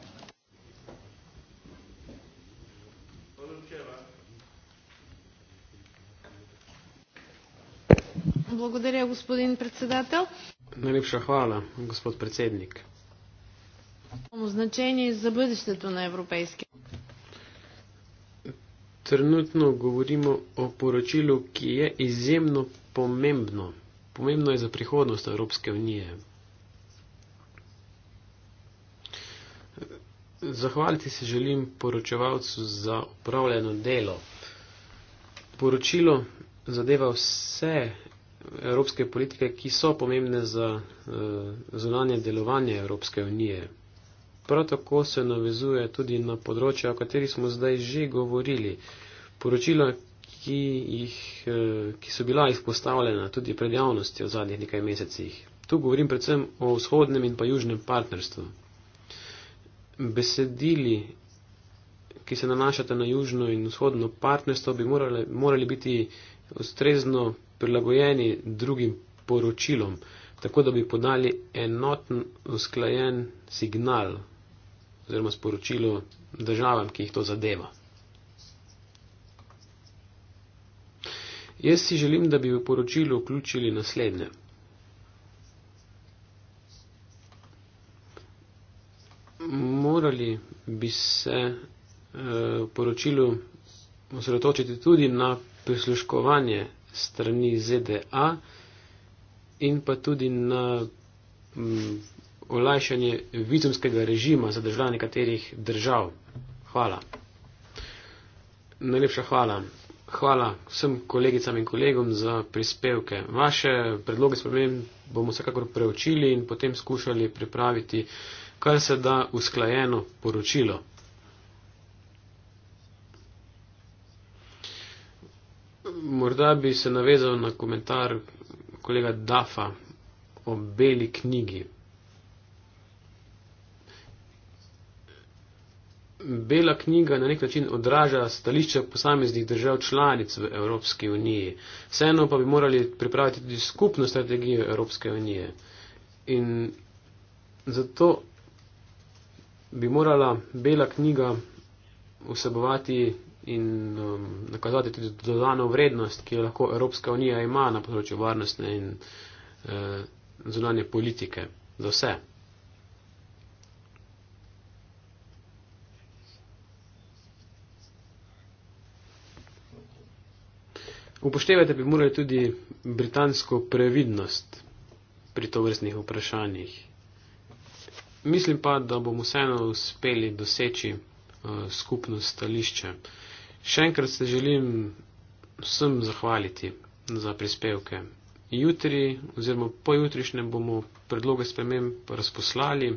S4: Благодаря, господин председател. Налепша хвала, господ председник. Значение за бъдещето на европейски. Trenutno govorimo o poročilu, ki je izjemno pomembno. Pomembno je za prihodnost Evropske unije. Zahvaliti se želim poročevalcu za upravljeno delo. Poročilo zadeva vse evropske politike, ki so pomembne za eh, zunanje delovanje Evropske unije. Prav tako se navezuje tudi na področje, o kateri smo zdaj že govorili. Poročila, ki, jih, eh, ki so bila izpostavljena tudi pred javnostjo v zadnjih nekaj mesecih. Tu govorim predvsem o vzhodnem in pa južnem partnerstvu. Besedili, ki se nanašate na južno in vzhodno partnerstvo, bi morali, morali biti ustrezno prilagojeni drugim poročilom, tako da bi podali enoten, usklajen signal oziroma sporočilo državam, ki jih to zadeva. Jaz si želim, da bi v poročilu vključili naslednje. Morali bi se eh, v poročilu osredotočiti tudi na prisluškovanje strani ZDA in pa tudi na mm, olajšanje vizumskega režima za državljane nekaterih držav. Hvala. Najlepša hvala. Hvala vsem kolegicam in kolegom za prispevke. Vaše predloge spremem bomo vsekakor preučili in potem skušali pripraviti kar se da usklajeno poročilo. morda bi se navezal na komentar kolega Dafa o beli knjigi. Bela knjiga na nek način odraža stališče posameznih držav članic v Evropski uniji. Vseeno pa bi morali pripraviti tudi skupno strategijo Evropske unije. In zato bi morala bela knjiga vsebovati in um, nakazati tudi dodano vrednost, ki jo lahko Evropska unija ima na področju varnostne in uh, zunanje politike za vse. Upoštevati bi morali tudi britansko previdnost pri tovrstnih vprašanjih. Mislim pa, da bomo vseeno uspeli doseči uh, skupno stališče. Uh, Še enkrat se želim vsem zahvaliti za prispevke. Jutri oziroma pojutrišnjem bomo predloge spremem razposlali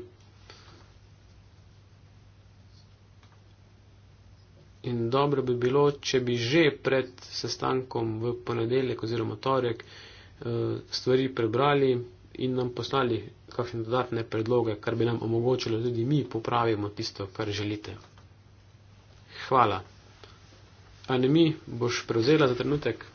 S4: in dobro bi bilo, če bi že pred sestankom v ponedeljek oziroma torek eh, stvari prebrali in nam poslali kakšne dodatne predloge, kar bi nam omogočilo, da tudi mi popravimo tisto, kar želite. Hvala ali mi boš prevzela za trenutek?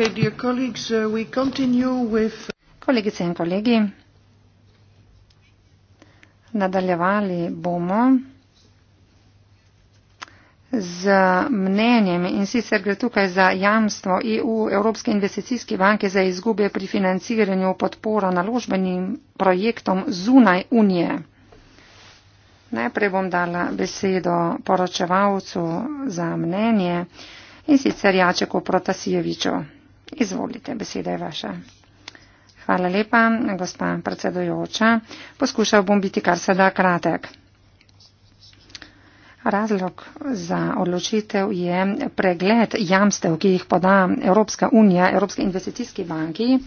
S1: Uh, uh, Kolegice in kolegi, nadaljevali bomo z mnenjem in sicer gre tukaj za jamstvo EU Evropske investicijske banke za izgube pri financiranju podpora naložbenim projektom zunaj Unije. Najprej bom dala besedo poročevalcu za mnenje in sicer Jačeku Protasijeviču. Izvolite, beseda je vaša. Hvala lepa, gospa predsedojoča. Poskušal bom biti kar se da kratek. Razlog za odločitev je pregled jamstev, ki jih poda Evropska unija Evropske investicijske banki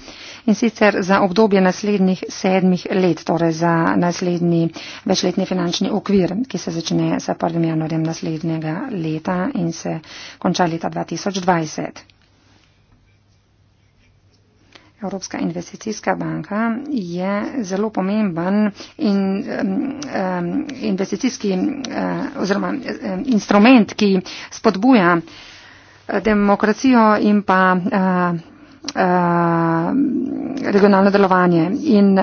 S1: in sicer za obdobje naslednjih sedmih let, torej za naslednji večletni finančni okvir, ki se začne s 1. januarjem naslednjega leta in se konča leta 2020. Evropska investicijska banka je zelo pomemben in, um, um, investicijski uh, oziroma um, instrument, ki spodbuja eh, demokracijo in pa uh, uh, regionalno delovanje. In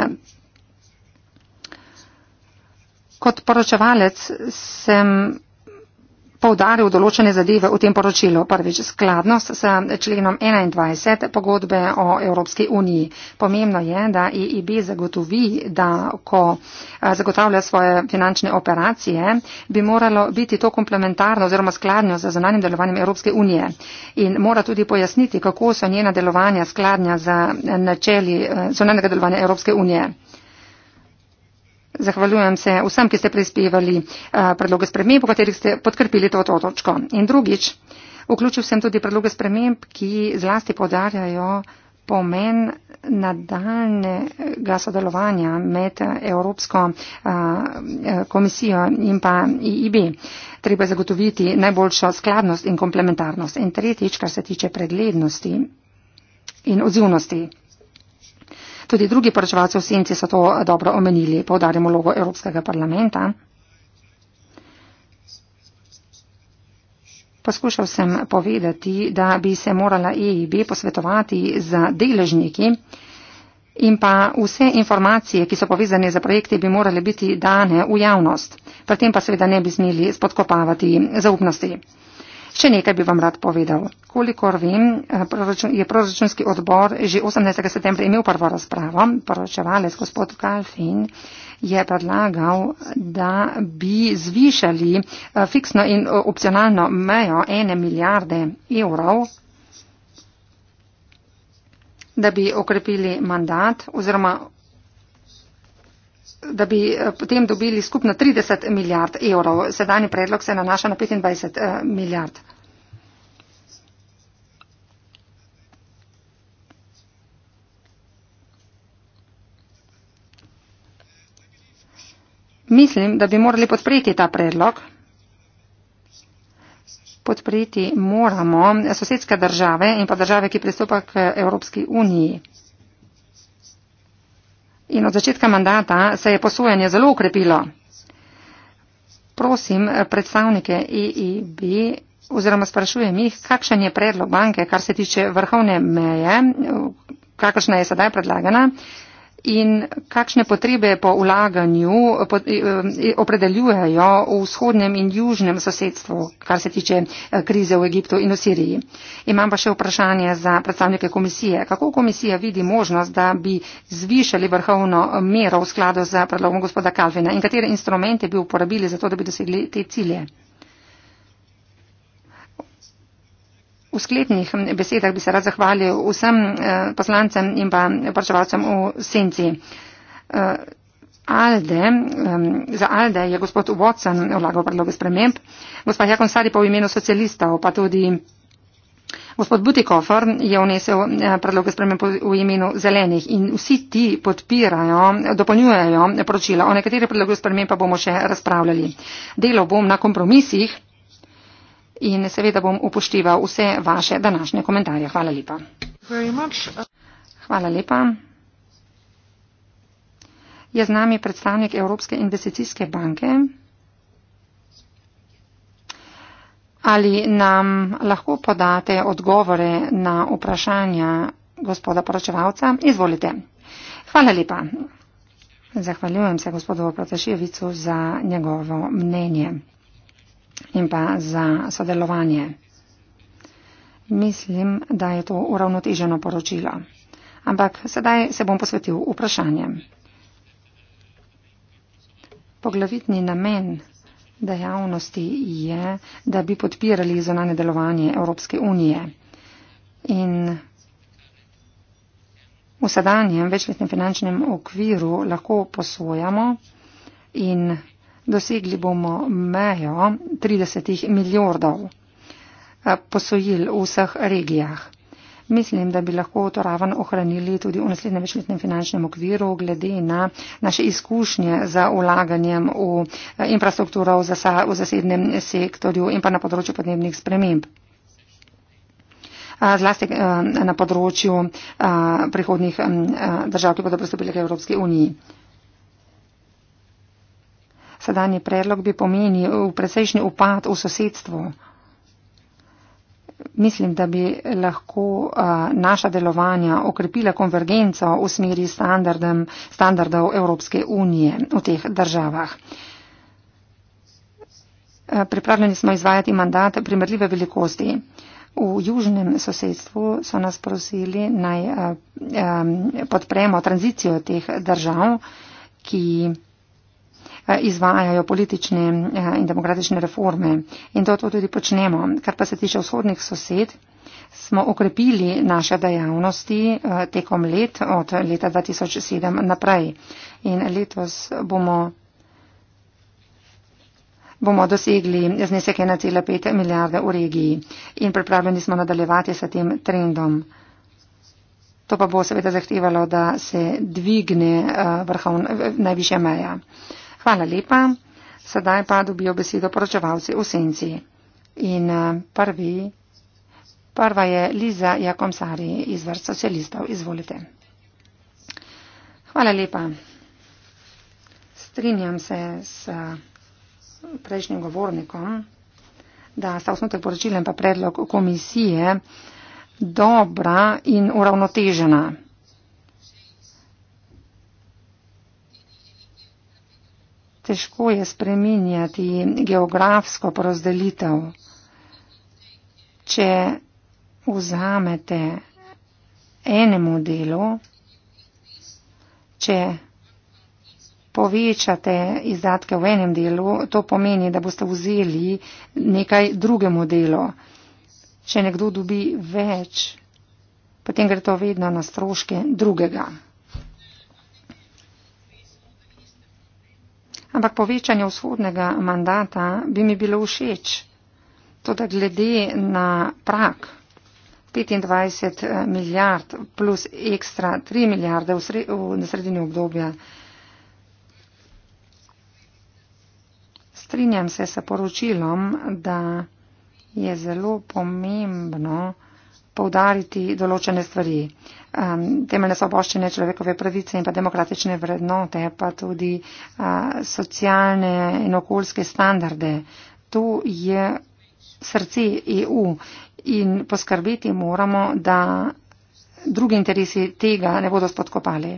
S1: kot poročevalec sem poudaril določene zadeve v tem poročilu. Prvič, skladnost s členom 21 pogodbe o Evropski uniji. Pomembno je, da EIB zagotovi, da ko eh, zagotavlja svoje finančne operacije, bi moralo biti to komplementarno oziroma skladno z zunanjem delovanjem Evropske unije. In mora tudi pojasniti, kako so njena delovanja skladnja z načeli eh, zunanjega delovanja Evropske unije. Zahvaljujem se vsem, ki ste prispevali eh, predloge sprememb, v katerih ste podkrpili to točko. In drugič, vključil sem tudi predloge sprememb, ki zlasti podarjajo pomen nadaljnega sodelovanja med Evropsko eh, eh, komisijo in pa IB. Treba zagotoviti najboljšo skladnost in komplementarnost. In tretjič, kar se tiče preglednosti in odzivnosti. Tudi drugi poročevalci v senci so to eh, dobro omenili, povdarjamo logo Evropskega parlamenta. Poskušal sem povedati, da bi se morala EIB posvetovati z deležniki in pa vse informacije, ki so povezane za projekte, bi morale biti dane v javnost. Pri tem pa seveda ne bi smeli spodkopavati zaupnosti. Še nekaj bi vam rad povedal. Kolikor vem, eh, je proračunski odbor že 18. septembra imel prvo razpravo. Poročevalec gospod Kalfin je predlagal, da bi zvišali eh, fiksno in eh, opcionalno mejo ene milijarde evrov da bi okrepili mandat oziroma da bi eh, potem dobili skupno 30 milijard evrov. Sedajni predlog se nanaša na 25 eh, milijard. Mislim, da bi morali podpreti ta predlog. Podpreti moramo sosedske države in pa države, ki pristopajo k Evropski uniji. In od začetka mandata se je posojanje zelo ukrepilo. Prosim predstavnike EIB e oziroma sprašujem jih, kakšen je predlog banke, kar se tiče vrhovne meje, kakršna je sedaj predlagana, in kakšne potrebe po ulaganju eh, eh, opredeljujejo v vzhodnem in južnem sosedstvu, kar se tiče eh, krize v Egiptu in v Siriji. Imam pa še vprašanje za predstavnike komisije. Kako komisija vidi možnost, da bi zvišali vrhovno mero v skladu z predlogom gospoda Kalvina in katere instrumente bi uporabili za to, da bi dosegli te cilje? V sklepnih besedah bi se rad zahvalil vsem eh, poslancem in pa vprašavacem v senci. Eh, Alde, za Alde je gospod Watson vlagal predloge sprememb, gospod Jakon Sari pa v imenu socialistov, pa tudi gospod Butikofer je vnesel eh, predloge sprememb v imenu zelenih in vsi ti podpirajo, dopolnjujejo poročila. O nekaterih predlogih sprememb pa bomo še razpravljali. Delo bom na kompromisih in seveda bom upošteval vse vaše današnje komentarje. Hvala lepa. Hvala lepa. Je z nami predstavnik Evropske investicijske banke. Ali nam lahko podate odgovore na vprašanja gospoda poročevalca? Izvolite. Hvala lepa. Zahvaljujem se gospodu Protešjevicu za njegovo mnenje in pa za sodelovanje. Mislim, da je to uravnoteženo poročilo. Ampak sedaj se bom posvetil vprašanjem. Poglavitni namen dejavnosti je, da bi podpirali zonanje delovanje Evropske unije in v sedanjem večletnem finančnem okviru lahko posvojamo in dosegli bomo mejo 30 milijardov eh, posojil v vseh regijah. Mislim, da bi lahko to raven ohranili tudi v naslednjem večletnem finančnem okviru, glede na naše izkušnje za ulaganjem v eh, infrastrukturo v, zasa, v zasednem sektorju in pa na področju podnebnih sprememb. Eh, zlasti na področju prihodnih mm, držav, ki bodo pristopili k Evropski uniji. Sedanji predlog bi pomenil precejšnji upad v sosedstvu. Mislim, da bi lahko a, naša delovanja okrepila konvergenco v smeri standardov Evropske unije v teh državah. A, pripravljeni smo izvajati mandat primerljive velikosti. V južnem sosedstvu so nas prosili naj a, a, podpremo tranzicijo teh držav, ki. A, Eh, izvajajo politične eh, in demokratične reforme. In to tudi počnemo. Kar pa se tiče vzhodnih sosed, smo okrepili naše dejavnosti eh, tekom let od leta 2007 naprej. In letos bomo bomo dosegli znesek 1,5 milijarde v regiji in pripravljeni smo nadaljevati s tem trendom. To pa bo seveda zahtevalo, da se dvigne vrhovna najvišja meja. Hvala lepa. Sedaj pa dobijo besedo poročevalci v senci. In eh, prvi, prva je Liza Jakomsari iz vrst socialistov. Izvolite. Hvala lepa. Strinjam se s eh, prejšnjim govornikom, da sta osnutek poročila in pa predlog komisije dobra in uravnotežena. Težko je spreminjati geografsko porazdelitev. Če vzamete enemu delu, če povečate izdatke v enem delu, to pomeni, da boste vzeli nekaj drugemu delu. Če nekdo dobi več, potem gre to vedno na stroške drugega. Ampak povečanje vzhodnega mandata bi mi bilo všeč. Toda glede na prak 25 eh, milijard plus ekstra 3 milijarde v, sred, v naslednjem obdobju. Strinjam se s poročilom, da je zelo pomembno, poudariti določene stvari. Um, temeljne svoboščine, človekove pravice in pa demokratične vrednote, pa tudi uh, socialne in okoljske standarde. To je srce EU in poskrbeti moramo, da drugi interesi tega ne bodo spodkopali.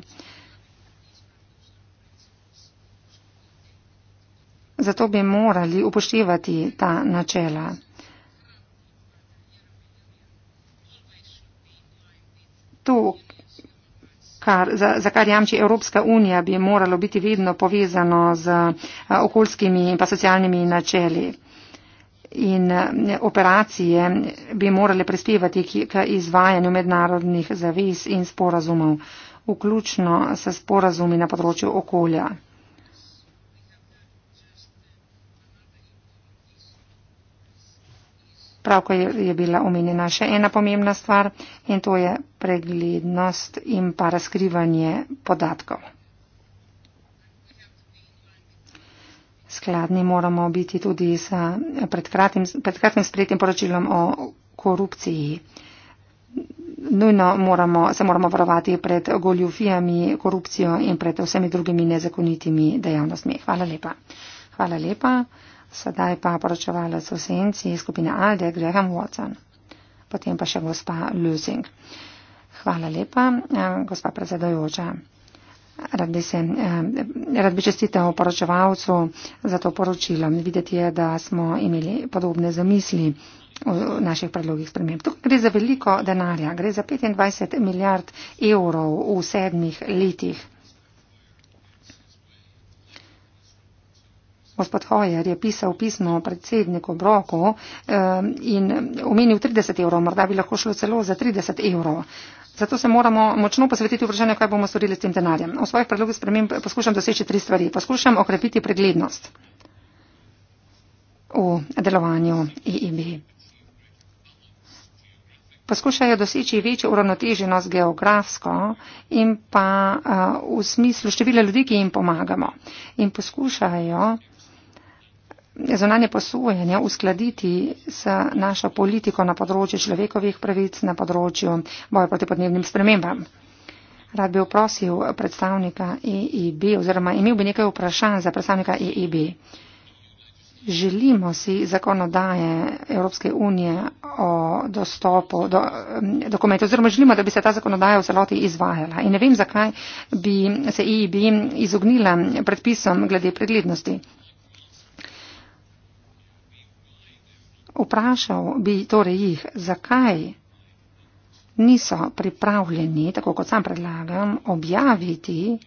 S1: Zato bi morali upoštevati ta načela. to, kar, za, za kar jamči Evropska unija, bi moralo biti vedno povezano z eh, okoljskimi in pa socialnimi načeli. In eh, operacije bi morale prispevati k, k izvajanju mednarodnih zavez in sporazumov, vključno s sporazumi na področju okolja. Pravko je, je bila omenjena še ena pomembna stvar in to je preglednost in pa razkrivanje podatkov. Skladni moramo biti tudi s predkratnim, predkratnim sprejetim poročilom o korupciji. Nujno moramo, se moramo varovati pred goljufijami, korupcijo in pred vsemi drugimi nezakonitimi dejavnostmi. Hvala lepa. Hvala lepa. Sedaj pa poročevalec v senci skupine Alde Graham Watson. Potem pa še gospa Lusing. Hvala lepa, eh, gospa predsedojoča. Rad bi, se, eh, rad bi čestitev poročevalcu za to poročilo. Videti je, da smo imeli podobne zamisli v naših predlogih sprememb. Tukaj gre za veliko denarja, gre za 25 milijard evrov v sedmih letih. Gospod Hojer je pisal pismo predsedniku Broku ehm, in omenil 30 evrov, morda bi lahko šlo celo za 30 evrov. Zato se moramo močno posvetiti vprašanju, kaj bomo storili s tem denarjem. V svojih predlogih sprememb poskušam doseči tri stvari. Poskušam okrepiti preglednost v delovanju EIB. Poskušajo doseči večjo uravnoteženost geografsko in pa uh, v smislu števila ljudi, ki jim pomagamo. In poskušajo zunanje posojanje uskladiti s našo politiko na področju človekovih pravic, na področju boja proti podnebnim spremembam. Rad bi vprosil predstavnika EIB e oziroma imel bi nekaj vprašanj za predstavnika EIB. E želimo si zakonodaje Evropske unije o dostopu do dokumentov oziroma želimo, da bi se ta zakonodaja v celoti izvajala. In ne vem, zakaj bi se EIB e izognila predpisom glede preglednosti. Vprašal bi torej jih, zakaj niso pripravljeni, tako kot sam predlagam, objaviti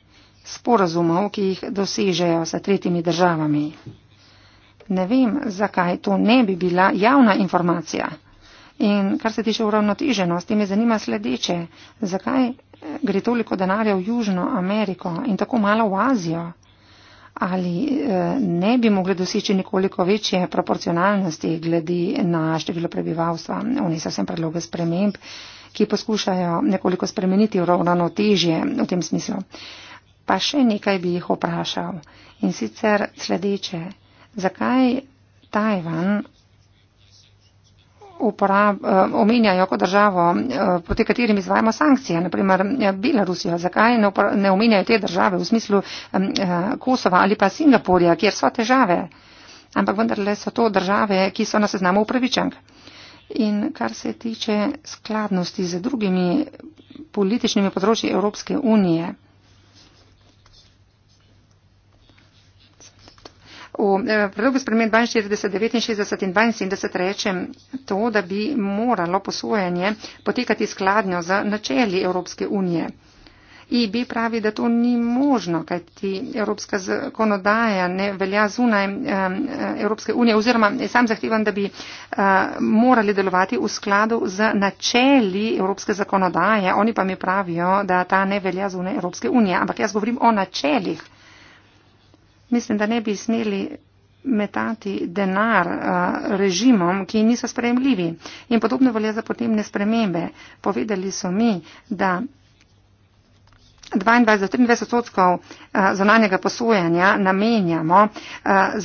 S1: sporazumov, ki jih dosežejo s tretjimi državami. Ne vem, zakaj to ne bi bila javna informacija. In kar se tiče uravnoteženosti, me zanima sledeče, zakaj gre toliko denarja v Južno Ameriko in tako malo v Azijo ali eh, ne bi mogli doseči nekoliko večje proporcionalnosti glede na število prebivalstva. Oni so sem predloge sprememb, ki poskušajo nekoliko spremeniti ravnano težje v tem smislu. Pa še nekaj bi jih vprašal. In sicer sledeče, zakaj Tajvan uporab, eh, omenjajo kot državo, eh, proti katerim izvajamo sankcije, naprimer eh, Belorusijo. Zakaj ne, upra, ne omenjajo te države v smislu Kosova ali pa Singapurja, kjer so težave? Ampak vendarle so to države, ki so na seznamu upravičenk. In kar se tiče skladnosti z drugimi političnimi področji Evropske unije. V eh, predlogu spremen 42, 69 in 72 reče to, da bi moralo posojanje potekati skladno z načeli Evropske unije. IB pravi, da to ni možno, kajti Evropska zakonodaja ne velja zunaj eh, Evropske unije oziroma sam zahtevam, da bi eh, morali delovati v skladu z načeli Evropske zakonodaje. Oni pa mi pravijo, da ta ne velja zunaj Evropske unije, ampak jaz govorim o načelih mislim, da ne bi smeli metati denar režimom, ki niso sprejemljivi. In podobno velja za potemne spremembe. Povedali so mi, da 22-23 odstotkov zonanjega posojanja namenjamo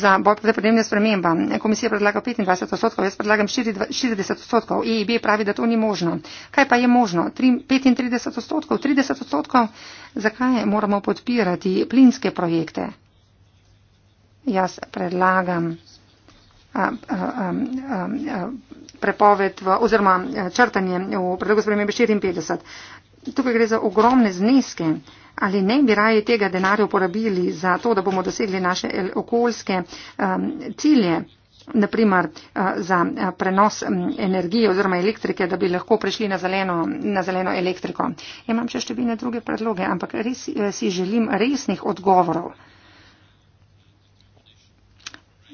S1: za boj proti podnebnim spremembam. Komisija predlaga 25 odstotkov, jaz predlagam 60 odstotkov. EIB pravi, da to ni možno. Kaj pa je možno? 35 odstotkov, 30 odstotkov? Zakaj moramo podpirati plinske projekte? jaz predlagam a, a, a, a, a, prepoved v, oziroma črtanje v predlogu spremembe 54. Tukaj gre za ogromne zneske. Ali ne bi raje tega denarja uporabili za to, da bomo dosegli naše okoljske um, cilje, naprimer uh, za uh, prenos um, energije oziroma elektrike, da bi lahko prišli na zeleno, na zeleno elektriko? Imam še številne druge predloge, ampak res, eh, si želim resnih odgovorov.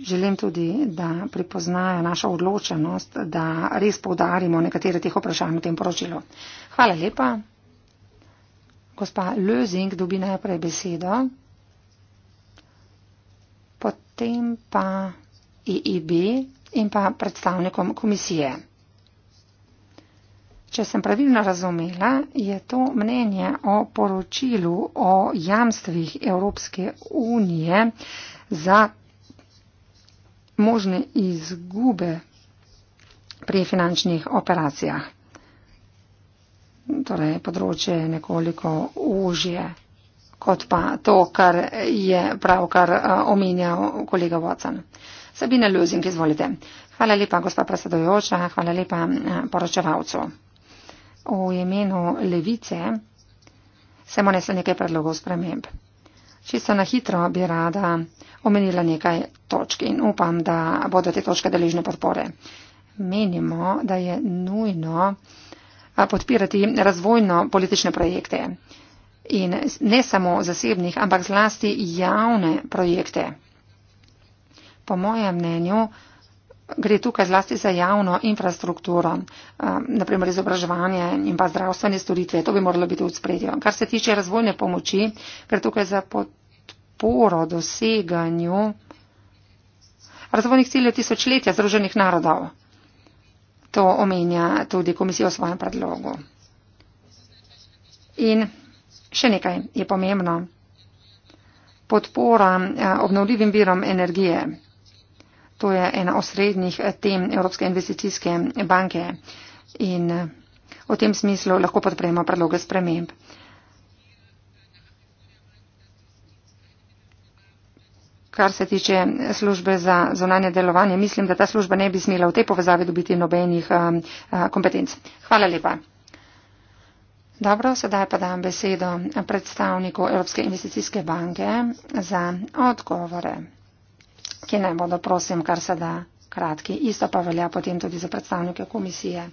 S1: Želim tudi, da pripoznajo našo odločenost, da res povdarimo nekatere teh vprašanj v tem poročilu. Hvala lepa. Gospa Lözing dobi najprej besedo, potem pa e IIB in pa predstavnikom komisije. Če sem pravilno razumela, je to mnenje o poročilu o jamstvih Evropske unije za možne izgube pri finančnih operacijah. Torej, področje je nekoliko užje kot pa to, kar je pravkar eh, omenjal kolega Watson. Sabina Ljuzink, izvolite. Hvala lepa, gospa predsedojoča, hvala lepa eh, poročevalcu. V imenu levice se mu nesel nekaj predlogov sprememb. Čisto na hitro bi rada omenila nekaj točk in upam, da bodo te točke deležne podpore. Menimo, da je nujno podpirati razvojno politične projekte in ne samo zasebnih, ampak zlasti javne projekte. Po mojem mnenju, gre tukaj zlasti za javno infrastrukturo, eh, naprimer izobraževanje in pa zdravstvene storitve. To bi moralo biti v spredju. Kar se tiče razvojne pomoči, gre tukaj za podporo doseganju razvojnih ciljev tisočletja Združenih narodov. To omenja tudi komisija v svojem predlogu. In še nekaj je pomembno. Podpora eh, obnovljivim virom energije. To je ena osrednjih tem Evropske investicijske banke in v tem smislu lahko podpremo predloge sprememb. Kar se tiče službe za zunanje delovanje, mislim, da ta služba ne bi smela v tej povezavi dobiti nobenih um, uh, kompetenc. Hvala lepa. Dobro, sedaj pa dam besedo predstavniku Evropske investicijske banke za odgovore ki ne bodo, prosim, kar se da kratki. Isto pa velja potem tudi za predstavnike komisije.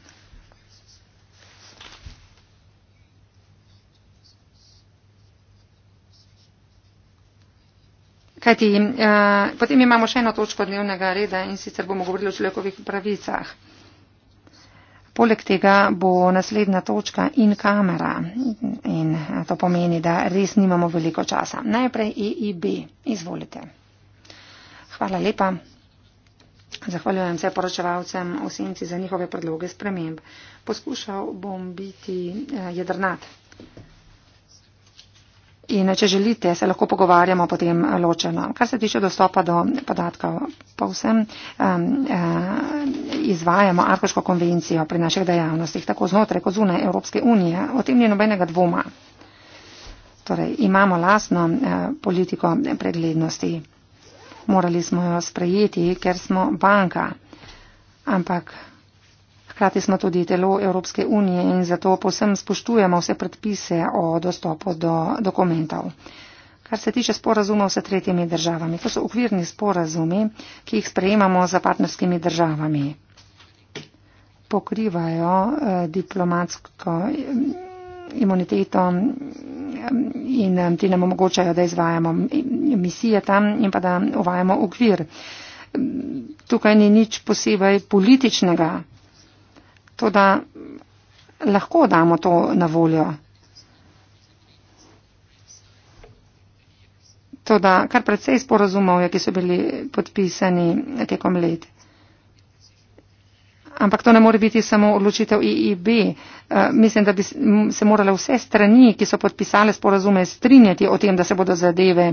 S1: Kajti, eh, potem imamo še eno točko dnevnega reda in sicer bomo govorili o človekovih pravicah. Poleg tega bo naslednja točka in kamera. In eh, to pomeni, da res nimamo veliko časa. Najprej EIB. Izvolite. Hvala lepa. Zahvaljujem se poročevalcem v senci za njihove predloge sprememb. Poskušal bom biti eh, jedrnat. In če želite, se lahko pogovarjamo potem eh, ločeno. Kar se tiče dostopa do podatkov, pa vsem um, uh, eh, izvajamo Arkoško konvencijo pri naših dejavnostih, tako znotraj kot zunaj Evropske unije. O tem ni nobenega dvoma. Torej, imamo lasno uh, politiko preglednosti morali smo jo sprejeti, ker smo banka. Ampak hkrati smo tudi telo Evropske unije in zato posem spoštujemo vse predpise o dostopu do dokumentov. Kar se tiče sporazumov s tretjimi državami, to so okvirni sporazumi, ki jih sprejemamo z partnerskimi državami. Pokrivajo eh, diplomatsko. Eh, imuniteto um, in um, ti nam omogočajo, da izvajamo misije tam in pa da uvajamo okvir. Um, tukaj ni nič posebej političnega, to da lahko damo to na voljo. To da kar precej sporazumov je, ki so bili podpisani tekom let. Ampak to ne more biti samo odločitev IIB. E e eh, mislim, da bi se morale vse strani, ki so podpisale sporazume, strinjati o tem, da se bodo zadeve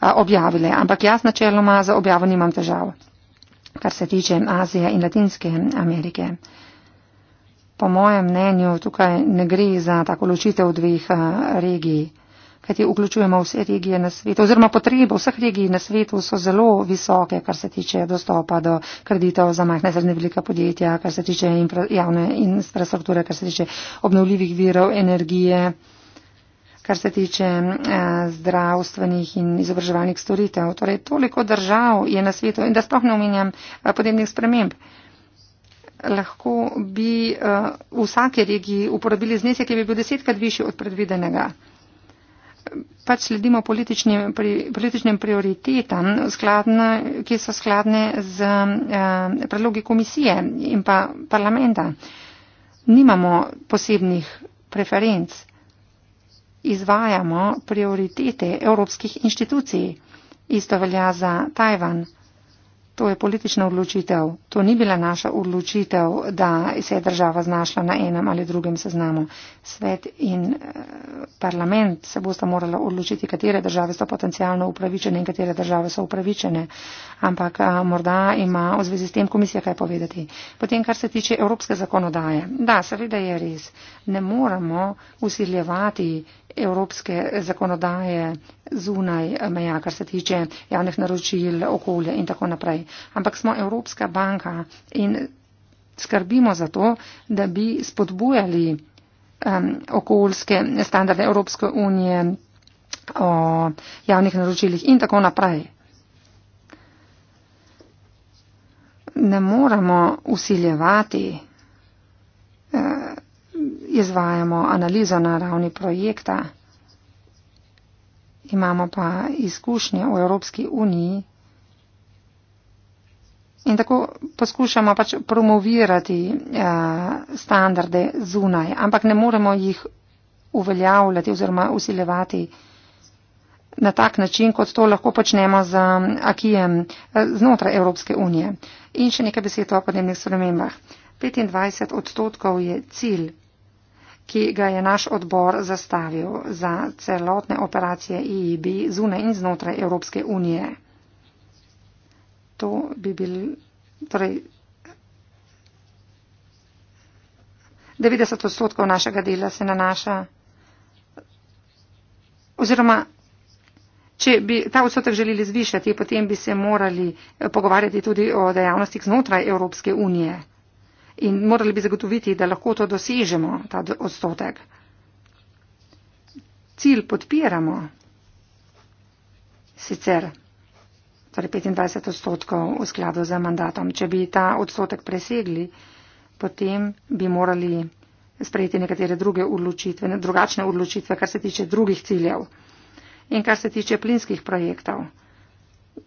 S1: eh, objavile. Ampak jaz načeloma za objavo nimam težav, kar se tiče Azije in Latinske Amerike. Po mojem mnenju tukaj ne gre za tako ločitev dveh eh, regij kajti vključujemo vse regije na svetu, oziroma potrebe vseh regij na svetu so zelo visoke, kar se tiče dostopa do kreditov za majhne in srednje velika podjetja, kar se tiče infra, javne infrastrukture, kar se tiče obnovljivih virov energije, kar se tiče eh, zdravstvenih in izobraževalnih storitev. Torej, toliko držav je na svetu in da sploh ne omenjam eh, podnebnih sprememb. Lahko bi eh, v vsaki regiji uporabili znesek, ki bi bil desetkrat višji od predvidenega pač sledimo političnim, pri, političnim prioritetam, skladne, ki so skladne z eh, predlogi komisije in pa parlamenta. Nimamo posebnih preferenc. Izvajamo prioritete evropskih inštitucij. Isto velja za Tajvan. To je politična odločitev. To ni bila naša odločitev, da se je država znašla na enem ali drugem seznamu. Svet in eh, parlament se bosta morala odločiti, katere države so potencijalno upravičene in katere države so upravičene. Ampak eh, morda ima v zvezi s tem komisija kaj povedati. Potem, kar se tiče evropske zakonodaje. Da, seveda je res. Ne moramo usiljevati evropske zakonodaje zunaj meja, kar se tiče javnih naročil, okolja in tako naprej ampak smo Evropska banka in skrbimo za to, da bi spodbujali um, okoljske standarde Evropske unije o javnih naročilih in tako naprej. Ne moramo usiljevati, eh, izvajamo analizo na ravni projekta, imamo pa izkušnje v Evropski uniji. In tako poskušamo pač promovirati uh, standarde zunaj, ampak ne moremo jih uveljavljati oziroma usilevati na tak način, kot to lahko počnemo z eh, akijem eh, znotraj Evropske unije. In še nekaj besed o podnebnih spremembah. 25 odstotkov je cilj, ki ga je naš odbor zastavil za celotne operacije IEB zunaj in znotraj Evropske unije to bi bil, torej 90 odstotkov našega dela se nanaša, oziroma če bi ta odstotek želeli zvišati, potem bi se morali eh, pogovarjati tudi o dejavnostih znotraj Evropske unije in morali bi zagotoviti, da lahko to dosežemo, ta odstotek. Cilj podpiramo. Sicer torej 25 odstotkov v skladu za mandatom. Če bi ta odstotek presegli, potem bi morali sprejeti nekatere druge odločitve, drugačne odločitve, kar se tiče drugih ciljev in kar se tiče plinskih projektov.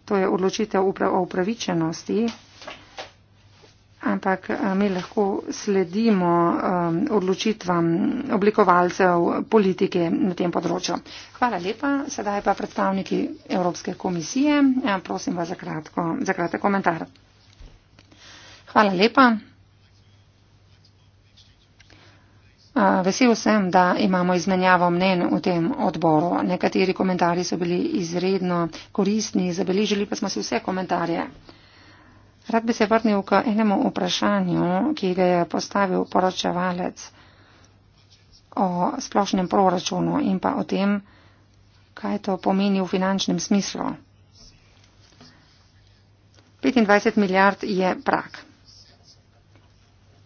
S1: To je odločitev upra o upravičenosti Ampak eh, mi lahko sledimo um, odločitvam oblikovalcev politike na tem področju. Hvala lepa. Sedaj pa predstavniki Evropske komisije. Ja, prosim vas za, kratko, za kratek komentar. Hvala lepa. Eh, vesel sem, da imamo izmenjavo mnen v tem odboru. Nekateri komentarji so bili izredno koristni, zabeležili pa smo si vse komentarje. Rad bi se vrnil k enemu vprašanju, ki ga je postavil poročevalec o splošnem proračunu in pa o tem, kaj to pomeni v finančnem smislu. 25 milijard je prak.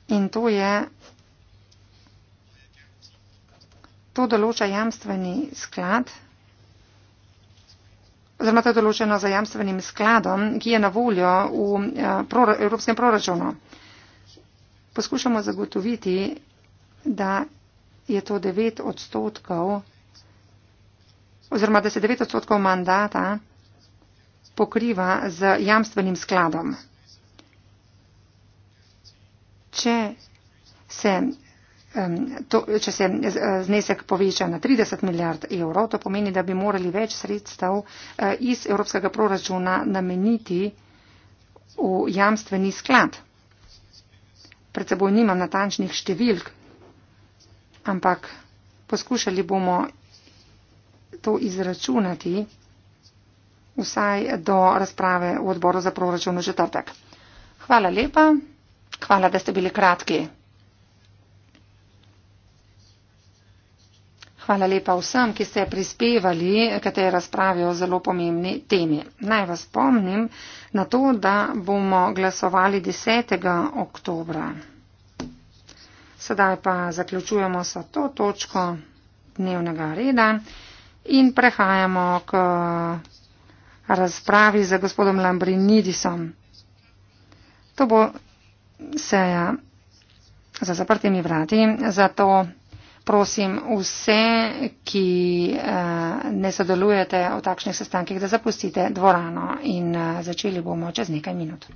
S1: In to je. To določa jamstveni sklad oziroma to je določeno za jamstvenim skladom, ki je na voljo v eh, prora, evropskem proračunu. Poskušamo zagotoviti, da je to 9 odstotkov oziroma da se 9 odstotkov mandata pokriva z jamstvenim skladom. Če se To, če se eh, znesek poveča na 30 milijard evrov, to pomeni, da bi morali več sredstev eh, iz evropskega proračuna nameniti v jamstveni sklad. Pred seboj nimam natančnih številk, ampak poskušali bomo to izračunati vsaj do razprave v odboru za proračun v četrtek. Hvala lepa, hvala, da ste bili kratki. Hvala lepa vsem, ki ste prispevali k tej razpravi o zelo pomembni temi. Naj vas spomnim na to, da bomo glasovali 10. oktobra. Sedaj pa zaključujemo sa to točko dnevnega reda in prehajamo k razpravi za gospodom Lambrinidisom. To bo seja za zaprtimi vrati, zato prosim vse, ki eh, ne sodelujete v takšnih sestankih, da zapustite dvorano in eh, začeli bomo čez nekaj minut.